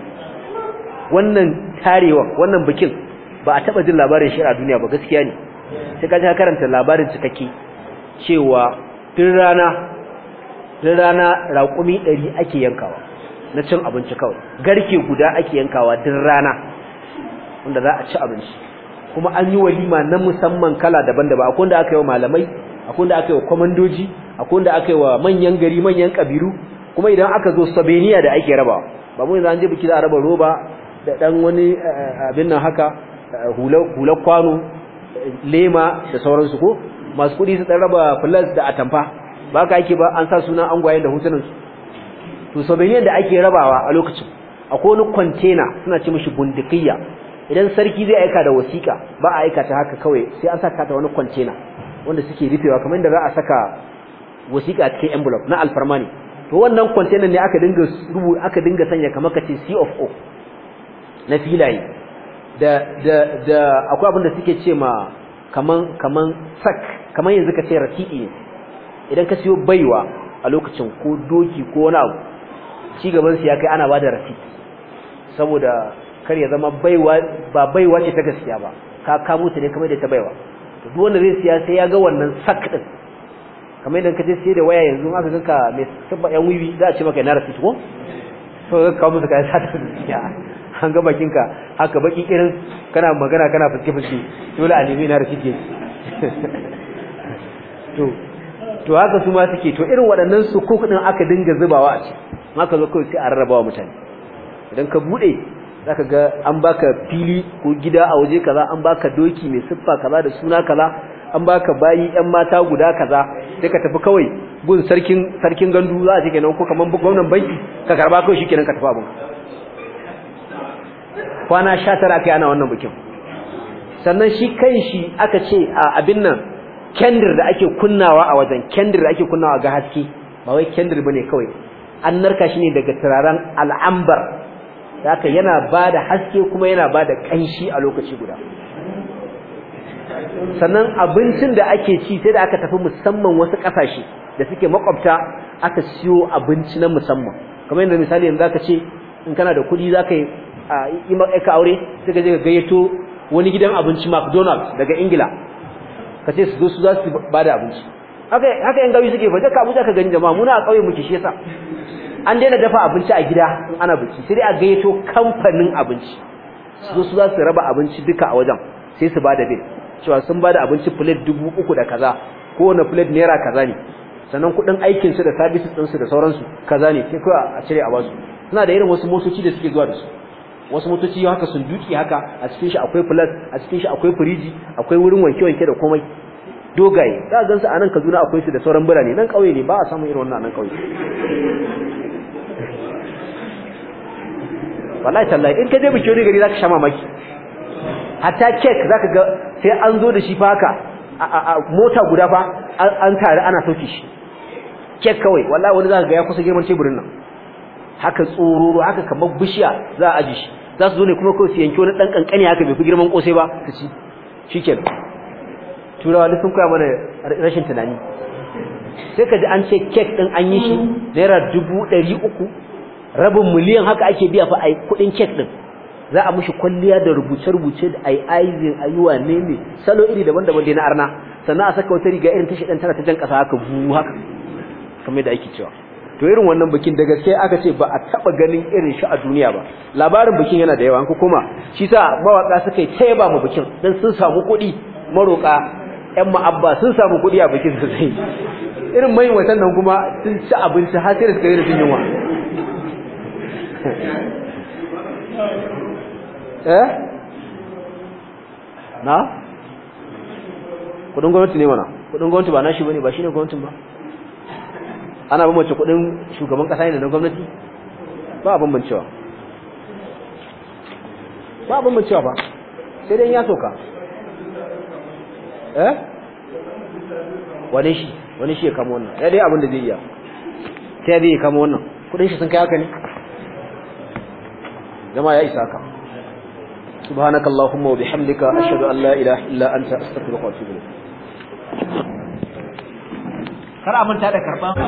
wannan tarewa wannan bikin ba a taba jin labarin shi a duniya ba gaskiya ne sai ka ji karanta labarin cikakke cewa tun rana tun rana raƙumi ɗari ake yankawa na cin abinci kawai garke guda ake yankawa tun rana wanda za a ci abinci kuma an yi walima na musamman kala daban-daban akwai wanda aka yi wa malamai akwai wanda aka yi wa kwamandoji akwai wanda aka yi wa manyan gari manyan kabiru kuma idan aka zo sabeniya da ake rabawa ba mu yanzu an je biki za a raba roba da dan wani eh, eh, abin nan haka hular kwano lema da sauransu ko masu kudi su dan raba plus da atamfa ba ka ake ba an sa suna angwaye da hotunan su to souvenir da ake rabawa a lokacin akwai wani container suna ce mishi bundikiya idan sarki zai aika da wasiƙa ba a aika ta haka kawai sai an saka ta wani container wanda suke rufewa kamar da za a saka wasiƙa a cikin envelope na alfarma ne to wannan container ne aka dinga rubu aka dinga sanya kamar kace C of O na filaye da da da akwai abin da suke ce ma kaman kaman sak kaman yanzu ka ce rafi'i idan ka siyo baiwa a lokacin ko doki ko wani abu ci gaban siya kai ana bada raki'i saboda kar ya zama baiwa ba baiwa ce ta gaskiya ba ka ka mutu ne kamar da ta baiwa to duk wanda zai siya sai ya ga wannan sak din kamar idan ka je sai da waya yanzu aka ganka mai tabba yan wiwi za a ce maka yana raki'i ko to ka kawo musu kayan gaskiya an ga bakinka haka baki irin kana magana kana fuske fuske dole a nemi na da suke to to haka su ma suke to irin waɗannan su ko kudin aka dinga zubawa a ci haka zo kawai sai a rarrabawa mutane idan ka bude zaka ga an baka fili ko gida a waje kaza an baka doki mai siffa kaza da suna kaza an baka bayi yan mata guda kaza sai ka tafi kawai gun sarkin sarkin gandu za a ce kenan ko kaman gwamnan banki ka karba kawai shikenan ka tafi abun kwana sha tara aka yi ana wannan bikin sannan shi kan shi aka ce a abin nan kendir da ake kunnawa a wajen kendir da ake kunnawa ga haske ba wai kendir bane kawai an narka shi ne daga turaren al'ambar da aka yana ba da haske kuma yana ba da ƙanshi a lokaci guda sannan abincin da ake ci sai da aka tafi musamman wasu kasashe da suke makwabta aka siyo abinci na musamman kamar yadda misali yanzu aka ce in kana da kuɗi za ka yi yi maka aure sai ka je ka gayyato wani gidan abinci McDonald daga Ingila ka ce su zo su za su da abinci haka haka yan gawi suke fa ka Abuja ka gani jama'a muna a kauye muke shi yasa an daina dafa abinci a gida in ana biki sai a gayyato kamfanin abinci su zo su za su raba abinci duka a wajen sai su bada bill cewa sun bada abinci plate dubu uku da kaza kowane plate naira kaza ne sannan kudin aikin su da sabisinsu da sauransu kaza ne sai kawai a cire a basu suna da irin wasu motoci da suke zuwa da su wasu motoci haka sun duki haka a cikin shi akwai plus a cikin shi akwai firiji akwai wurin wanke-wanke da komai dogaye za a su a nan kaduna akwai su da sauran birane nan ƙauye ne ba a samun irin wannan nan ƙauye wallahi tallahi in ka je bikin wani gari za ka sha mamaki hatta kek za ka ga sai an zo da shi fa haka mota guda fa an tare ana sauke shi kek kawai wallahi wani za ka ga ya kusa girman teburin nan haka tsororo haka kamar bishiya za a ji shi za su zo ne kuma kawai su yanki wani dan kankani haka bai fi girman kosai ba su ci shikenan turawa duk sun koya mana rashin tunani sai ka ji an ce kek din an yi shi naira dubu ɗari uku rabin miliyan haka ake biya fa a kuɗin kek din za a mushi kwalliya da rubuce-rubuce da ai aizin ayuwa ne ne salo iri daban-daban dai na arna sannan a saka wata riga irin tashi ɗan tana ta jan ƙasa haka bu haka kamar da ake cewa to irin wannan bikin da gaske aka ce ba a taba ganin irin shi a duniya ba labarin bikin yana da yawa ku kuma shi sa mawaka suka yi yaba mu bikin dan sun samu kuɗi maroka ƴan ma'abba sun samu kuɗi a bikin sai irin mai watan nan kuma sun ci abinci har sai da suka yi da yunwa eh na kudin gwamnati ne mana kudin gwamnati ba shi bane ba shine gwamnatin ba ana bambance kudin shugaban kasa ne na gwamnati ba bambancewa ba bambancewa ba sai dai ya soka eh wani shi wani shi ya kama wannan ya dai abin da zai iya sai dai ya kama wannan kudin shi sun kai haka ne jama'a ya isa haka سبحانك اللهم وبحمدك أشهد أن لا إله إلا أنت أستغفرك وأتوب إليك kar a ta da karban